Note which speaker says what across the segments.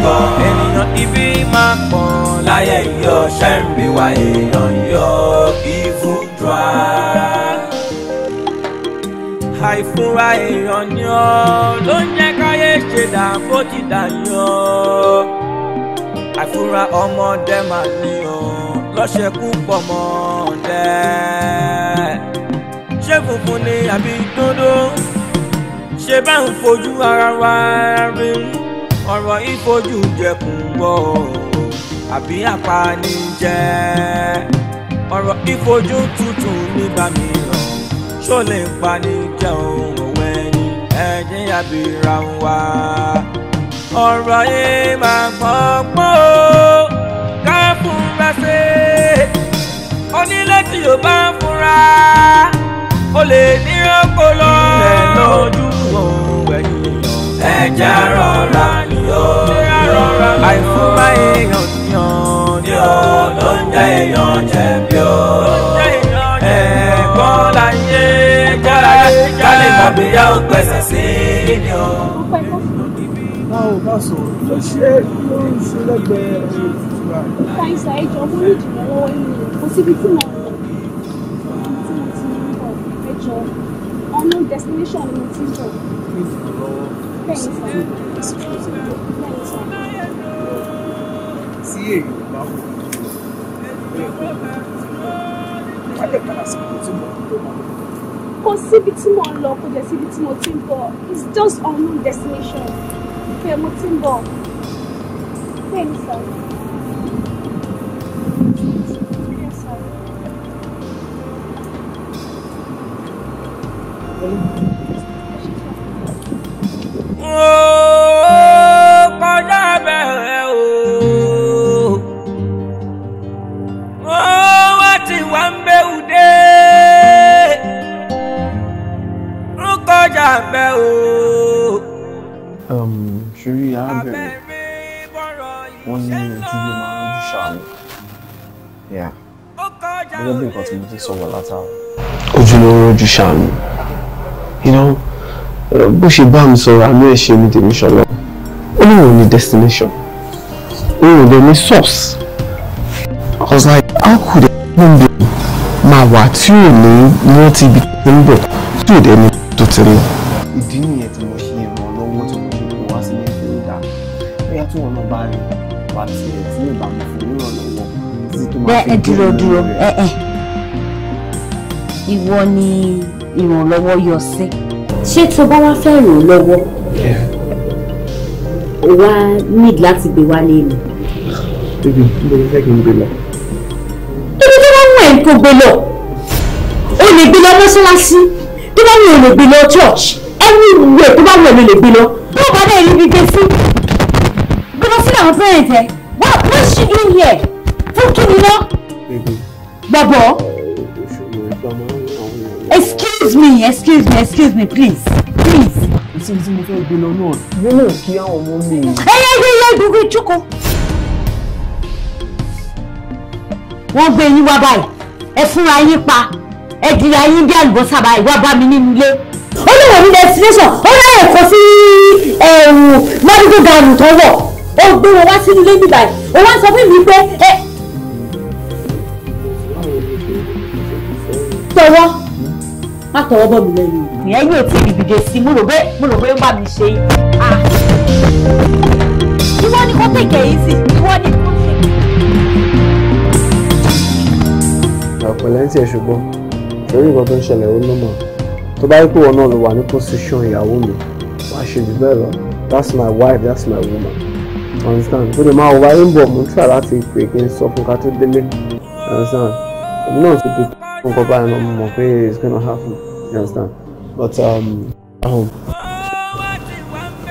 Speaker 1: gbọ́. ènìyàn ibi máa pọ̀ láyé yọ ṣẹ́ǹbí wa
Speaker 2: èèyàn yọ evil drag. àìfúnra èèyàn ni ọ́ ló ń jẹ́ káyé ṣe dàbó ti dàyàn. àìfúnra ọmọdé máa ní ọ́ lọ́ṣẹ̀kú pọ̀ mọ́ ọ̀dẹ́. ṣé funfun ni àbí dúdú ṣe bá fojú ara wa rí mú ọ̀rọ̀ ìfojú jẹkùn wọ̀ àbí apani jẹ́ ọ̀rọ̀ ìfojú tútù nígbà mìíràn ṣó lè pani jẹ́ ohun ọ̀wẹ́ ni ẹ̀jẹ̀ àbíra wa ọ̀rọ̀ yìí máa gbọ́gbọ́ ká fúnra ṣe onílé tí yóò bá fúnra ó lè ní ọpọlọ. ilẹ̀ lọ́dún wọn ẹja rọra ni ó àìfúnpá èèyàn yàn ni ó ló ń jẹ èèyàn jẹ̀bi ó ẹ̀kọ́ láyé kálí tàbí yá ó gbèsè sí i ni ó. báwo bá sọ̀rọ̀
Speaker 3: ló ṣe ló ń ṣe lẹ́gbẹ̀ẹ́ ìfura. báyìí sàyẹ̀ jọ mo ní ìdìbò lọ́wọ́ yìí
Speaker 4: kò síbi tí mo lọ tí mo ti ń bọ̀ ẹjọ́ ọ̀nà destination ni mo ti ń
Speaker 3: bọ̀
Speaker 4: tí èèyàn
Speaker 3: bá wù wá lè padà sí ibi tí mo ń tó máa
Speaker 4: kò síbi tí mo ń lọ kò jẹ́ síbi tí mo ti ń bọ̀ it's just unknown destination ìfẹ́ mo ti ń bọ̀
Speaker 1: bẹ́ẹ̀ ni sọ.
Speaker 2: Thank you.
Speaker 3: matter. ojúlówó ojú ṣàánú you know bó ṣe bá mi sọ̀rọ̀ àmì ẹ̀ ṣe ní tèmi ṣọlọ ó ní òun ní destination òun ò lè ní source I was like how could a human being máa wà tí ò ní wọ́n ti ibi tó ń bọ̀ tí ò dé ní tó ti lọ. ìdí nìyẹn tí mo ṣe ìrànlọ́wọ́ tí mo fi kó wá sí ilé ìdá bóyá tí wọn náà bá rí wà tí ẹ tí ìbámu fún ìrànlọ́wọ́ títí tó máa fi gbé ìrànlọ́wọ́
Speaker 5: ìwọ ni ìrànlọ́wọ́ yọ sí ṣé tó bá wá fẹ́ ràn lọ́wọ́ ó wá need láti gbé wálé mi.
Speaker 3: tóbi mo fẹ́ kí n gbé lọ.
Speaker 4: ibi tó bá wù ẹ́ kó gbé lọ o lè gbé lọ mọ́ṣáláṣí tó bá wù ẹ́ lè gbé lọ church everywhere tó bá wù ẹ́ lè gbé lọ bó bá dẹ̀ rí gbígbé sí gbé lọ sílẹ̀ àwọn fẹ́rẹ̀ tẹ what what she doing here fún kí ni lọ. gbàgbọ́ excuse me excuse me excuse
Speaker 3: me please please. ìsinmi tí mo fẹ́ gbé lọ náà mo náà kí àwọn ọmọ mi. ẹ yẹ yẹ yẹ gbogbo ìjókòó. wọ́n gbé
Speaker 4: yín wá báyìí ẹ fúnra yín pa ẹ dìrà yín bí àlùbọ́sà báyìí wá bá mi nínú ilé. ó lè wọ̀ ní destination ó láyè kó sí ẹ̀rù mọ́dúndún gàrú tó wọ̀ ó gbé wọn wá sínú ilé níbàyìí ó wá sọ fún mi pé tọwọ́ má tọwọ́ bọ̀ mí lẹ́nu. ìyẹn yóò tí ìdìbìdè sí mo rò pé mo rò pé ó bá mi ṣe é. Ah. ìwọ ni kò tèkè yìí sí ìwọ ni kò tèkè.
Speaker 3: ọ̀pẹ̀lẹ̀ ń tiẹ̀ ṣùgbọ́n torí nǹkan tó ń ṣẹlẹ̀ ó lọ́mọ̀ tó bá yẹ pé wọn náà ló wà ní position ìyàwó mi wàá ṣe jù bẹ́ẹ̀ lọ that's my wife that's my woman understand tó lè máa wọ ayé ń bọ̀ mú tíra láti pè kí n sọ fún ká tó délé understand èmi náà ti dùn nǹkan báyìí náà mo mọ̀ pé it's gonna happen you understand but um, I hope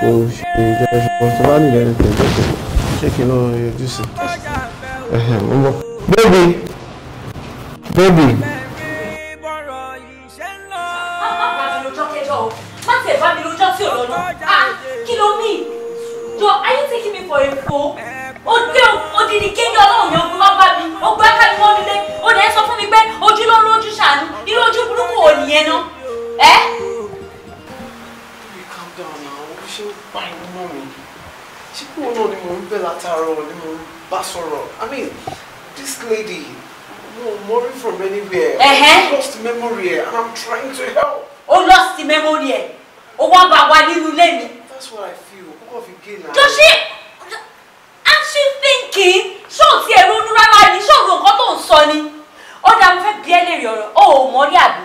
Speaker 3: kò ṣe ìjọba ṣùgbọ́n tó bá nílẹ̀ ẹni tẹ̀lé tó ṣé kí n lọ yọjú sí ẹ̀hẹ̀ mo ń baby baby.
Speaker 4: Ah, kí odidi kéde ọlọ́run yẹn ogun wá bá mi ó gbá ká mi wọ́n ó dẹ̀ sọ fún mi pé ojú ló lójú ṣàánú irú ojú burúkú ò nìyẹn ná ẹ.
Speaker 3: calm down na o ṣe ń pa inú mọ́ mi ṣé kí òun náà ni mò ń bẹ̀ látàárọ̀ ni mò ń bá sọ̀rọ̀ i mean this lady mo mori from anywhere uh -huh. i lost memory and i'm trying to help. o lost memory ẹ o wá bá wa nínú ilé mi.
Speaker 1: that's what i feel o kò fi gé na.
Speaker 3: jọ́sí
Speaker 4: she thinking? ṣé ò ti ẹ̀rọ onú rárá ni ṣé òun nǹkan tó ń sọ ni? ọ̀dà mo fẹ́ bí ẹ lè rí ọ̀rọ̀ ó ò mọ́rí àbí?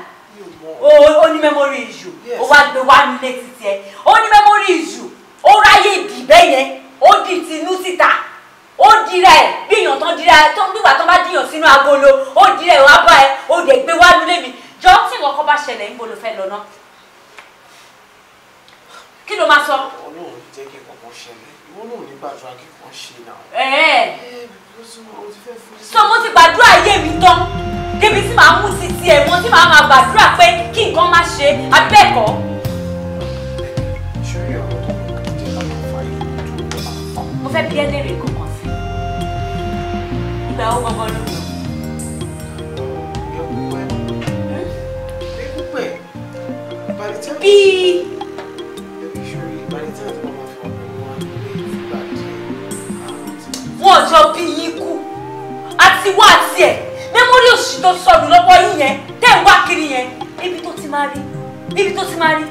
Speaker 4: ó ní mẹ́mórì ìjù ó wá gbé wá nílé títí ẹ ó ní mẹ́mórì ìjù ó ráyè ìbí bẹ́ẹ̀ yẹn ó dì tinú síta ó dira ẹ gbìyàn tán dira tó ń gbìgbà tán bá dìyàn sínú agolo ó dira ẹ wá bá ẹ ó dẹ̀ gbé wá nílé mi jọ tí wọn kọ́ bá ṣẹlẹ̀ ń bolo fẹ́ lọ náà
Speaker 3: kí ló máa sọ. ọlọ́run jẹ́ kí nǹkan kan wọn náà ní
Speaker 1: gbàdúrà kí wọ́n
Speaker 3: ṣe náà. ẹ̀ẹ́ so mo ti gbàdúrà ayé mi
Speaker 4: tán débi tí màá mú sí tiẹ̀ mo ti máa máa gbàdúrà pé kí nǹkan má ṣe abẹ́ẹ̀kọ́.
Speaker 5: mo fẹ́ bí ẹlẹ́rìí kankan sí ìgbà ó gbọ́ngàn lónìí. bí
Speaker 4: jọ bí yín kú àti wá àti ẹ̀ mẹ́mórì òṣì tó sọnù lọ́wọ́ yín yẹn tẹ̀ ń wá kiri yẹn ibi tó ti máa rí ibi tó ti máa rí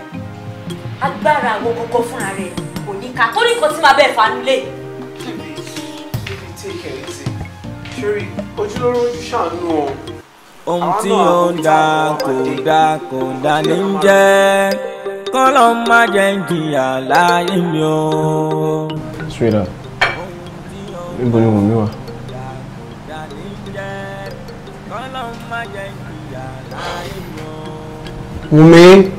Speaker 4: agbára àwọn gọgọ fúnra rẹ̀ kò ní ká torí nǹkan tí máa bẹ́ẹ̀ fanu lé. bíbí
Speaker 3: ojúlówó ojú ṣàánú
Speaker 2: o ohun tí ó ń da kò da kò da ní í jẹ́ má jẹ́ ń jìyà láyé mi o.
Speaker 3: sweetheart níbo ni wùmí wà. wùmí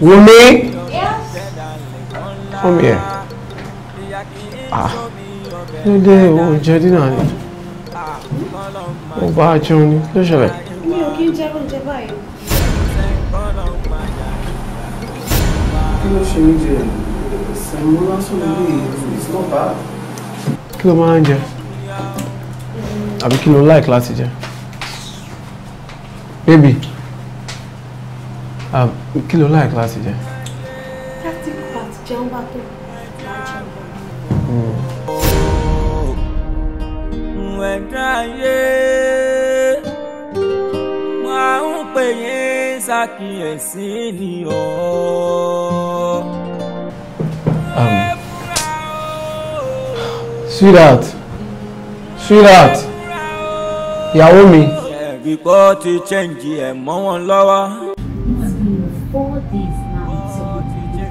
Speaker 3: wùmí come here ah ló dé o jẹ dínà ni ó bá a jẹun ni ló ṣẹlẹ̀.
Speaker 4: mi ò kí ń jẹ oúnjẹ báyìí.
Speaker 3: kí ló ṣe oúnjẹ sẹ̀mú lásán lórí ètò it's not bad kí ló máa ń jẹ àbí kí ló like láti jẹ baby kí ló like láti jẹ.
Speaker 1: practical part jẹun bá tó hmm
Speaker 3: sweetheart sweetheart
Speaker 2: ìyàwó mi. ẹ̀ríkọ́ ti chẹ́ǹjì ẹ̀ mọ́ wọn lọ́wọ́.
Speaker 5: four days ṣe sọ pé jẹ́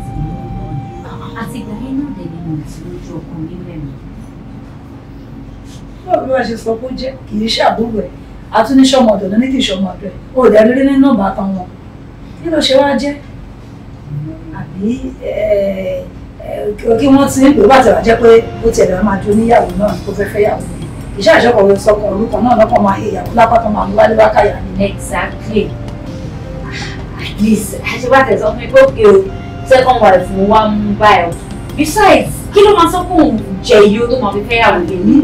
Speaker 5: kì í ṣàbúrò
Speaker 4: ẹ̀ àtúnṣọmọ ọ̀dọ̀ ní tìṣọ ọmọ ọ̀dọ̀ ẹ̀ ó dẹ̀ rírí ní nọ́ọ̀bù àtàwọn kí ló ṣe wá jẹ́ àbí ẹ̀ẹ́ kí wọ́n ti ń pè wá tẹ̀wá jẹ́ pé ó tiẹ̀ lọ́wọ́ máa jó níyàwó náà tó fẹ́ fẹ́ yàwó yẹn ìṣe àṣọkọ̀wé sọkọ̀ orúkọ náà lọ́kọ̀ máa he ìyàwó máa ń wálé wákàyà ni. exactly at least àṣebàtẹ̀ sọ fún mi pé òkè o second wife mo wá mú báyọ̀ besides kí ló máa sọ fún òun jẹ iye tó máa fi fẹ́ yàwó yẹn ní.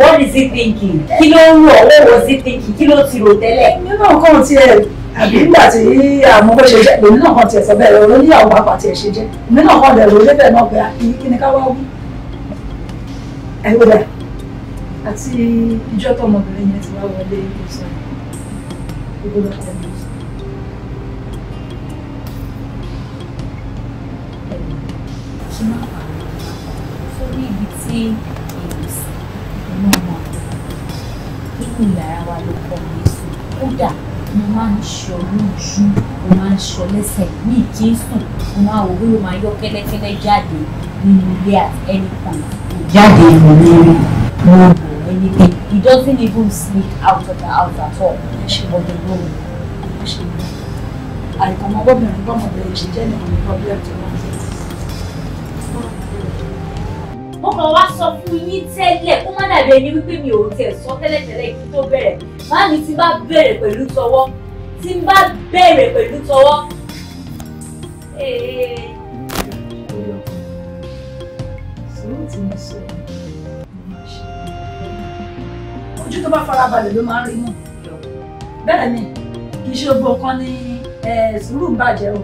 Speaker 4: what is he thinking kí ló ń rò what was he thinking kí ló ti rò tẹ́lẹ̀. nínú nǹkan tiẹ̀ àbí nígbà tí àwọn bó ṣe jẹ́ èmi náà kàn tiẹ̀ sọ bẹ́ẹ̀ rẹ̀ olóníyàwó pàápàá tiẹ̀ ṣe jẹ́ èmi náà kàn dẹ̀rọ débẹ̀ náà pé ah, kí ni ká wá wí. ẹ wọlé àti ìjọ tọmọbìnrin yẹn ti wá wọlé ìgbésẹ̀ ìgbóná kọ́ni. ṣe máa
Speaker 1: pa sórí ibi tí èrò sí ìpínlẹ̀ ọmọ inú yàrá wa ló kọ́ mi sùn kódà mo máa ń ṣọ lójú
Speaker 5: mo máa ń ṣọ lẹ́sẹ̀ ní ìkínsùn mo máa wò wíwò máa yọ kẹ́lẹ́kẹ́lẹ́ jáde nínú ilé at any point jáde ìmọ̀ mi rí mo wò anything he doesn't even sneak out of the house at all but the room.
Speaker 4: àìkọ́mọ́gbọ́bìnrin bọ́mọbìnrin ṣe jẹ́ nìkan ní problem tó wà. mo wá sọ fún yín tẹ́lẹ̀ kó má dàbí ẹni wípé mi ò tẹ̀ sọ tẹ́lẹ̀tẹ́lẹ̀ kí tó bẹ̀rẹ̀ máa mi ti bá bẹ̀rẹ̀ pẹ̀lú tọwọ́ tí n bá bẹ̀rẹ̀ pẹ̀lú tọwọ́. ojú tó bá farabalẹ̀ ló máa ń rí mọ̀ bẹ́ẹ̀ ni kì í ṣe gbogbo kan ní sùúrù ń bàjẹ́ o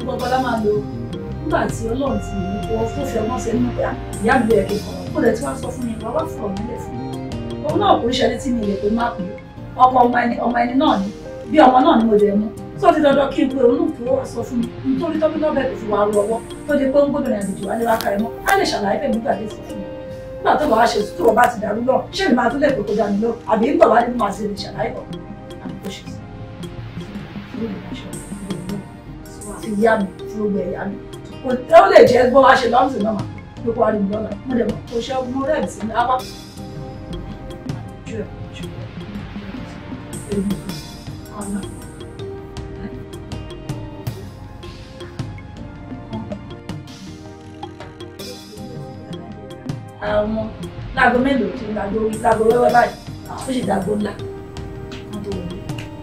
Speaker 4: gbogbo ọlá máa lo nígbà tí ọlọ́run ti yìí wọ fún fẹ nínú bíà ìyá mi lè kí kó lè tí wọ́n sọ fún mi bàbá fún ọ̀rọ̀ nílẹ̀ fún mi òun náà kò ń ṣẹlẹ̀ tí mi lè pé má pè é ọkọ ọmọ ẹni náà ni bí ọmọ náà ni mo dẹ̀ mú tó ti dandan kí n pe òun kúrò wá sọ fún mi nítorí tọ́bí náà bẹ̀rẹ̀ fi wá rú ọwọ́ tó di pé ń gbọ́dọ̀ ní àdìjọ alẹ́ wákà rẹ̀ mọ́ á lè ṣàlàyé pẹ̀lú ìgbà sọ fún mi nígbà tó bá ṣe tó bá ti dàrú náà ṣé mi máa lè kókó dání lọ àbí ń gbà wá ní màá lè ṣàlàyé ọ̀ àbí kò ṣe sí. ìyá mi tí ó gbẹ ìyá mi ó lè jẹ́ bó wá ṣe náà ló kọ́ àrùn lọ́la mo dẹ̀ mọ̀ kó ṣe mo rẹ̀ sí ní apá. àwọn láago mélòó tí láago láago wẹ́wẹ́ báyìí ó sì dàgbò ńlá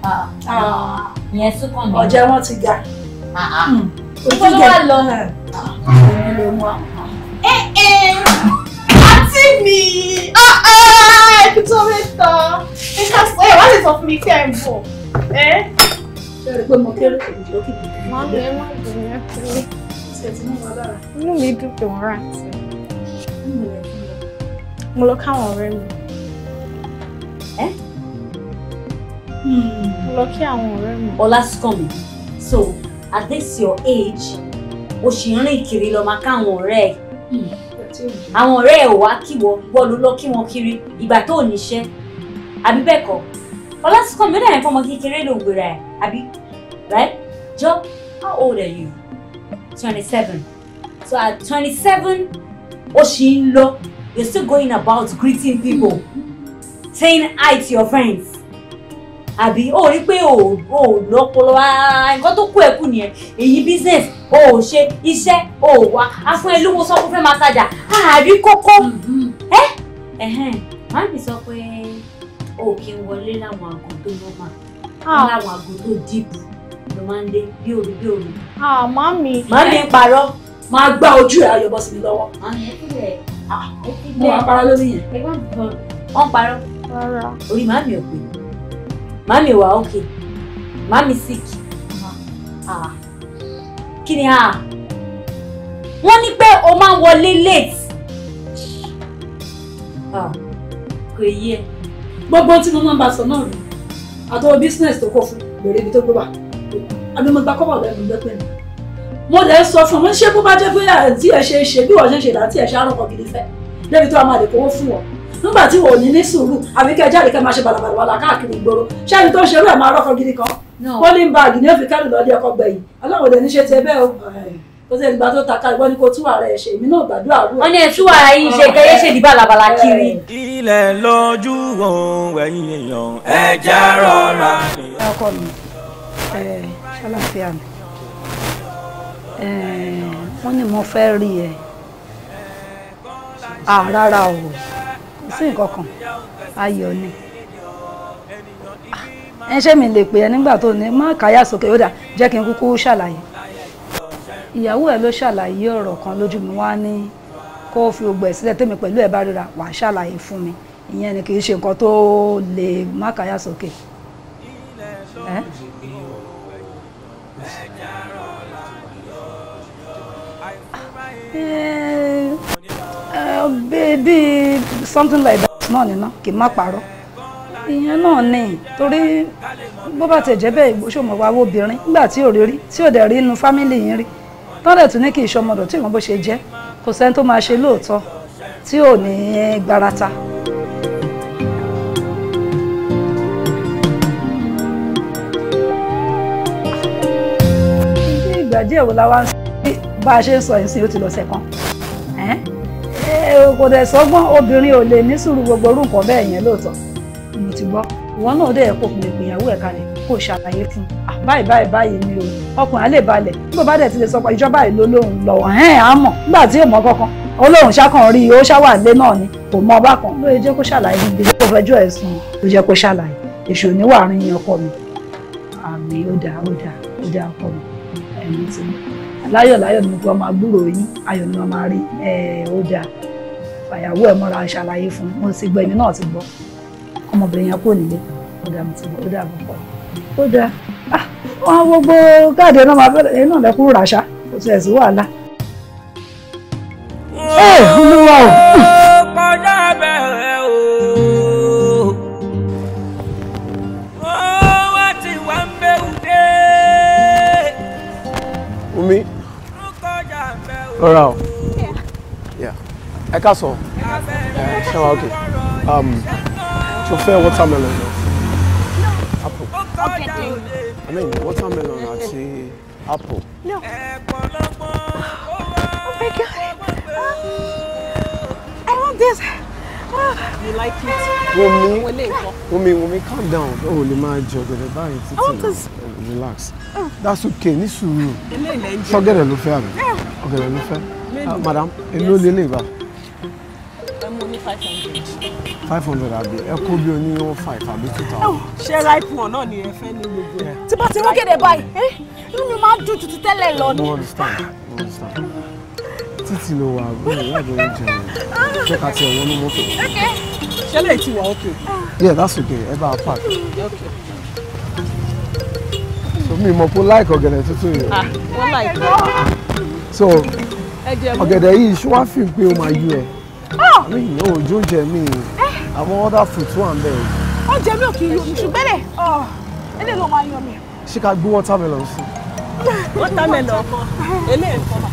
Speaker 4: ah, ah. Ah. ìyẹn tún kàn ní. ọ̀jẹ̀ wọn ti ga. Hmm. Olúwa lọ. Eh, eh. Ah, eh, ẹ ẹ me. mi kí tó rí tán. Ẹ wá lè sọ fún mi kí ẹ ń bọ̀. Ẹ ṣe rẹ̀ pé mo kéré kò ní lókè. Má lè má
Speaker 1: lè ní ẹ kéré.
Speaker 4: Inú mi dùn pé wọ́n rà Mo mi. Hmm. So at this your age o ṣì ń kiri lọ máa káwọn ọ̀rẹ́ ẹ̀ àwọn ọ̀rẹ́ ẹ̀ wá kíwọ wọ́n lọ kí wọn kiri ìgbà tó níṣẹ́ àbí bẹ́ẹ̀ kọ́ ọlásùkọ́ mi ó dàbí fọmọ kékeré ló ń gbéra ẹ̀ àbí right jọ how old are you twenty seven so at twenty seven o ṣì ń lọ you're still going about greeting people saying hi to your friends àbí ó rí pé ò ò lọ́pọlọ nǹkan tó kú ẹ̀ kù nìyẹn èyí business ò ṣe iṣẹ́ ò wá afún ẹ lówó sọ fún fẹ́ máa tajà àárí kókó ẹ mm-hmm.
Speaker 5: ẹhẹn màmí sọ pé ó kí n wọlé láwọn àgọ tó lọ́mà ah. láwọn àgọ tó
Speaker 4: dìbò ló máa ń dé bí òru bí òru.
Speaker 5: Ah, màmí màmí ń parọ́
Speaker 4: máa gbá ojú ẹ̀ ayọ̀bọ̀ sí mi lọ́wọ́.
Speaker 5: Ah, mo máa parọ́ lórí yẹn. wọ́n parọ́ orí
Speaker 4: màmí ò pè é. Mami wa okay. Mami sick. Ah. kini ha. ah? ni pe ah? pé o máa ń late. Ah. Kò ye. Gbogbo tí mo máa ń bá sọ náà rí. Àtọwọ́ business tó kọ̀ fún bèrè ibi tó gbé wà. Àbí mo gba kọ́bọ̀ lẹ́nu lọ́pẹ́ mi. Mo lè sọ fún wọn ṣé bó bá jẹ́ pé eh, tí ẹ ṣe ṣe bí wọ́n ṣe ṣe láti ẹ̀ ṣe àrùn kan gidi fẹ́. Débi tó a máa lè kówó fún wọn nígbà tí wọn ò ní ní sùúrù àbí kẹ́ jáde máa ṣe bàlàbàlà káàkiri ìgboro ṣé ẹni tó ń ṣerú ẹ̀ máa rọ́kọ gidi kan polling bag ní òfin kárì lọ́dí ọkọ̀ gbẹ̀yìn ọlọ́run ò dẹ̀ ní ṣe tiẹ̀ bẹ́ẹ̀ o kò sí ẹnìgbà tó ta ká ìwọ ni kò túwà rẹ̀ ṣe èmi náà gbàdúrà rú. wọ́n ní ẹ túwà ara yín ṣe kẹyẹ bàlàbàlà
Speaker 2: kiri. ilẹ̀ lọ́jú
Speaker 4: òun ní mo fẹ́ rí ẹ àràrà o sí nǹkan kan ayọ̀ ni ah, ẹ ṣé mi lè pè ẹ nígbà tó ní má káyà sókè ó dà jẹ́ kí n kúkú ṣàlàyé ìyàwó ẹ ló ṣàlàyé ọ̀rọ̀ kan lójú mi wá ní kó fi gbogbo ẹ̀ sílẹ̀ tèmi pẹ̀lú ẹ̀ bá ríra wàá ṣàlàyé fún mi ìyẹn ni kì í ṣe nǹkan tó lè má káyà sókè. Yeah. Baby, something like that náà nínú kì í má parọ́ ìyẹn náà ni torí bó bá tẹ̀ jẹ́ bẹ́ẹ̀ ìgbóṣòmọ̀ wa obìnrin nígbà tí ò rí rí tí ò dẹ̀ rí inú fámìlì yín rí tọ́lẹ̀ tún ní kì í ṣọmọdọ̀ tí ìwọ̀n bó ṣe jẹ́ kò sẹ́ni tó máa ṣe lóòótọ́ tí ò ní gbarata. ìgbà díẹ̀ wo la wá ń sọ bí bá a ṣe ń sọ ìsìn ó ti lọ sẹ́kàn kò dẹ̀ sọ́gbọ́n obìnrin ò lè ní sùúrù gbogbo orú nǹkan bẹ́ẹ̀ yẹn lóòótọ́ mo ti gbọ́ ìwọ náà dẹ̀ kò pè ìgbéyàwó ẹ̀ kalẹ̀ kò ṣàlàyé fún un báyìí báyìí báyìí ni o ọkùnrin á lè balẹ̀ nígbà bá dẹ̀ ti lè sọ pé ìjọba ìlú lòun lọ́wọ́ ẹ̀ẹ́n á mọ̀ nígbà tí èèmọ̀ kankan olóhùn ṣákan rí i ó ṣáwà lé náà ni kò mọ bákan ló yẹ jẹ́ kó ṣàlàyé ibi tó fẹjọ́ ẹ̀ sùn ló jẹ́ kó ṣàlàyé èṣù oníwàárín ọkọ mi àmì ó dáa ó dáa ó dáa ọkọ
Speaker 1: mi ẹ̀mí ti mú
Speaker 4: láyọ̀ láyọ̀ ni kí wọ́n máa gbúrò yín ayọ̀ ni wọ́n máa rí ẹ̀ ó dáa fàyàwó ẹ̀ mọ́ra ṣàlàyé fún mo sì gbọ́ ẹni náà ti gbọ́ ọmọbìnrin yẹn kò nílé ó dáa mo ti gbọ́ ó dáa mo pọ̀ ó dáa ah, wọ́n gbogbo káàdì ẹ̀ náà máa fẹ́rẹ̀ ẹ̀ náà lẹ́kún ràṣà kò sí ẹ̀ wàhálà
Speaker 3: rọra Yeah. ẹ ká sọ eh, Okay. Um. To ok ṣo fẹ́ watermelon lọ
Speaker 2: apple i
Speaker 3: mean watermelon àti apple. No. Oh
Speaker 4: my
Speaker 2: God. Uh, I want this. Ah. You like
Speaker 1: it?
Speaker 3: Wumi, Wumi, Wumi, calm down. Oh, lè máa jẹ the báyìí títí. I want this. Relax. That's okay, ní sùúrù.
Speaker 1: Sọ́gẹ̀dẹ̀ ló fẹ́ àbí?
Speaker 3: bẹ̀rẹ̀ ló fẹ́ ah, madam èló lè lè gbà.
Speaker 2: ẹ mú ní five hundred.
Speaker 3: five hundred àbí ẹ kó bí o one five àbí two thousand. Oh,
Speaker 2: ṣé ripe one náà ni ẹ fẹ́ ní gbogbo ẹ. tí bá ti
Speaker 4: wọ́n kéde báyìí eh, inú mi máa ń dùn tuntun tẹ́lẹ̀ lọ ni. mo
Speaker 3: understand mo understand títí ló wà bẹ́ẹ̀ láàbọ̀ ẹ jẹun
Speaker 1: ṣé ká tiẹ̀ wọnú mọ́tò. ṣẹlẹ̀ ti wà okay.
Speaker 3: yeah that's okay ẹ bá a park. okay so mi mọ̀ pé ó láìkọ̀ ọ̀gẹ̀dẹ̀ tútù yẹn. Ah,
Speaker 4: wọ́n láìkọ̀. so ọ̀gẹ̀dẹ̀ yìí ṣé
Speaker 3: fi pé ah! ó máa yú ẹ. mi ò jó jẹ mi eh! àwọn other fruit wà ń bẹ̀.
Speaker 4: ó jẹ mí ò kì í yọ mi ṣùgbọ́n ẹ̀ ẹ̀ ah, ló máa yọ mi.
Speaker 3: ṣé ká gbé watermelon sí.
Speaker 2: watermelon eléyìí kọ́ ma.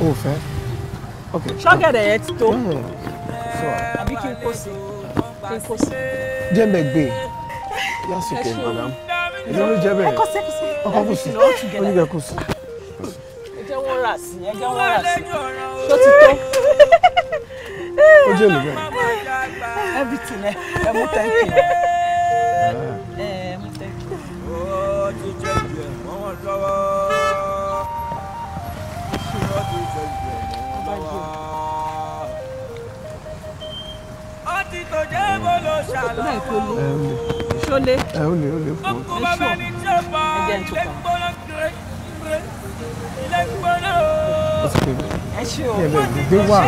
Speaker 3: o fẹ́ ok.
Speaker 2: ṣọ́gẹ̀dẹ̀ yẹn ti tó hmm. eh, àbí kí n kó sí kí n kó sí.
Speaker 3: jẹ́ mẹ́gbẹ́ yásùkẹ́ madam èyí ló jẹ bẹ́ẹ̀ ọkọ sẹkùsì ọkọ kùsì oníkẹ kùsì.
Speaker 2: ẹ jẹ́ wọ́n rà sí ẹ jẹ́ wọ́n rà sí ṣó ti tó. ó jẹ́ èlò everything ẹ ẹ mú thank you. ẹ
Speaker 1: ẹ mú thank you.
Speaker 2: ó ti jẹ́ ìgbẹ́ wọ́n wọ́n lọ́wọ́. ó ti jẹ́ ìgbẹ́ wọ́n
Speaker 3: ṣó ẹ ó lè ó lè fún un. ẹ jẹ́ ní tukọ̀.
Speaker 2: ẹ ṣe o. gbé wá.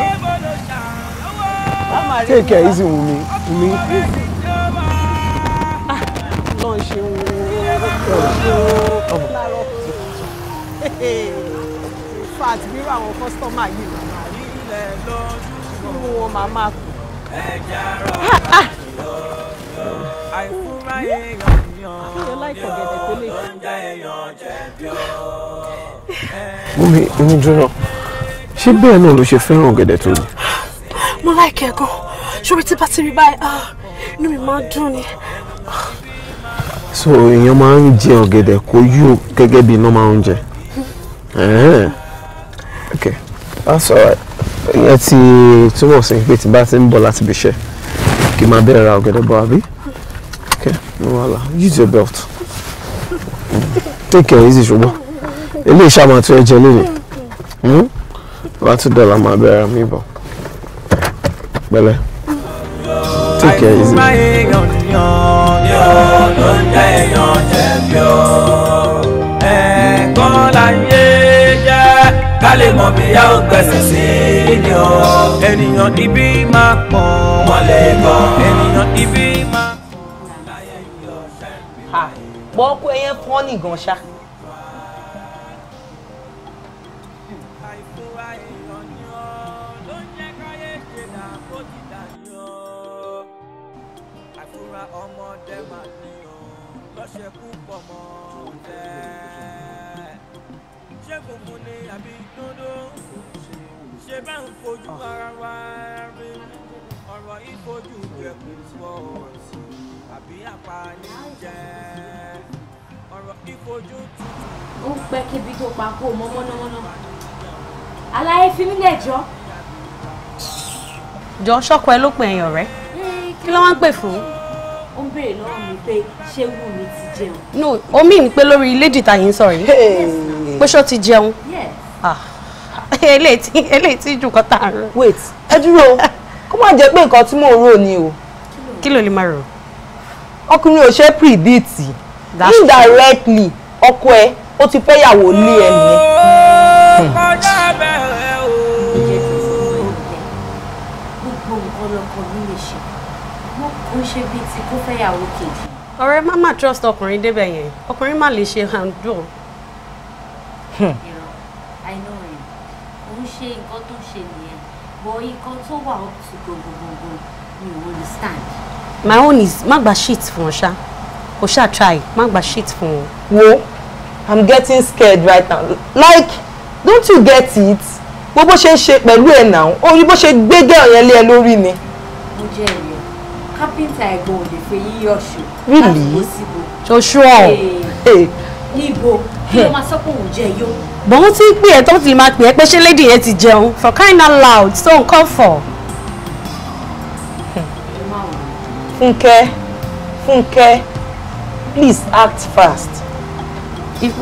Speaker 2: take care easy
Speaker 3: wumi wumi. lọ́n ṣe wo lárọ̀ in fact rírọ àwọn
Speaker 2: kọ́sítọ́mà yìí màmá rí ilẹ̀ lọ́dún ṣùgbọ́n wọn máa máa kù. ẹ̀jẹ̀
Speaker 1: rọ̀ àìfún.
Speaker 3: Mọ́mí onídúró ṣé bẹ́ẹ̀ náà ló ṣe fẹ́ràn ọ̀gẹ̀dẹ̀ tó ni.
Speaker 4: Mo láìkẹ́ gan, ṣóbi she bá ti rí báyìí,
Speaker 1: ah, inú mi máa ń dùn ni.
Speaker 3: So èèyàn máa ń jẹ ọ̀gẹ̀dẹ̀ kó yó gẹ́gẹ́ bí iná máa ń Eh? Okay, that's alright. Ìyẹn ti túmọ̀ sí pé tí bá ti ń bọ̀ láti ibi iṣẹ́ kí n máa bẹ̀rẹ̀ ra ọ̀gẹ̀dẹ̀ bọ̀ àbí wàhálà use your belt take care easy ṣùgbọ́n ilé iṣẹ́ àmà tó ẹ jẹ lónìí hmm? wàá tún dọ̀là máa bẹ̀rẹ̀ mi bọ̀ pẹ̀lẹ́ take care easy.
Speaker 2: ẹ̀kọ́ mọ̀ bí a ó gbẹ̀sẹ̀ sí ni o. ènìyàn ibi máa pọ̀ wọ́n lè gbọ́. ènìyàn ibi
Speaker 4: 我不会放你光 shaft。ó ń pẹ́ kébi tó pa kó mọ́ mọ́nàmọ́ná aláyé fi mí lẹ̀ jọ́. jọ ṣọkọ ẹ ló pè ẹyàn rẹ hmm, kí ló wá ń pè fún. ó ń béèrè lọ́wọ́ mi pé ṣé wù mí ti jẹun. no omi mi pé lórí lady tayin sọ̀rọ̀ yìí pé ṣó ti jẹun. Ah,
Speaker 5: eléyìí tí jù kọ́ tà ń
Speaker 4: rọ. wait ẹ dúró kó má jẹ́ pé nǹkan tí mò ń rò ni o. kí ló lè máa rò. ọkùnrin ò ṣe é pìrìbìtì indirectly. True ọkọ ẹ ó ti fẹ́yàwó lé ẹ nìyẹn. Hmm. ọ̀rẹ́ má má trust ọkùnrin débẹ̀ yẹn ọkùnrin má lè ṣe handle.
Speaker 5: Hmm. Hmm. irọ́ àìní rẹ̀ òun ṣe nǹkan tó ń ṣe nìyẹn bọ̀ nǹkan understand.
Speaker 4: my own is má gba shit fún ọ ṣá o ṣáà try má gba shit fún ọ wo i'm getting scared right now like don't you get it bó bó ṣe ń ṣe pẹ̀lú ẹ̀ náà orí bó ṣe gbé gẹ́ọ̀ yẹn lé ẹ lórí ni.
Speaker 5: mo jẹ́ ẹ̀yọ́ kápẹ́ńtà ẹ̀gbọ́n ò lè fẹ́ yíyọ̀ ṣù
Speaker 4: láti bó síbò. ṣoṣù ọ̀ níbo kí ló máa sọ pé òun jẹ yó. bọ́n tí ń pè ẹ́ tó ti máa pè ẹ́ pé ṣé lady yẹn ti jẹun for kind of loud so nǹkan fọ̀. Hmm. fúnkẹ́ fúnkẹ́ please act fast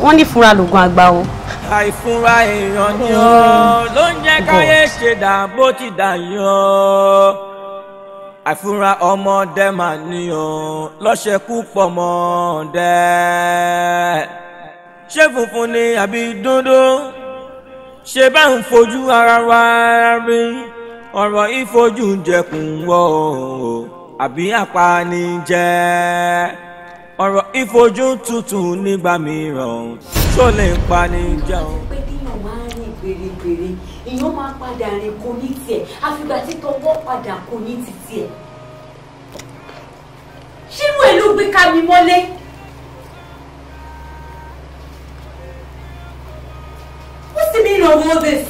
Speaker 4: wọ́n ní ìfúnra lògùn àgbà o.
Speaker 2: àìfúnra èèyàn ni ó ló ń jẹ́ káyé ṣe dà ti dà àìfúnra ọmọdé mà ní o lọ́ṣẹ̀kú pọ̀ mọ́ọ́dé ṣé funfun ni àbí dúdú ṣe bá ń fojú ara wa rí ọ̀rọ̀ ìfojú jẹkùn wọ̀ àbí apanijẹ́ ọ̀rọ̀ ìfojú tútù nígbà mìíràn tó lè pa ní ìjà o.
Speaker 5: pé kíyàn máa ń rìn gbèrègbèrè
Speaker 4: ìyàn máa padà rìn kò ní tiẹ̀ àfìgbà tí tọwọ́ padà kò ní ti tiẹ̀. ṣínú ìlú gbé ká mi mọ́lé. What's the meaning of all this?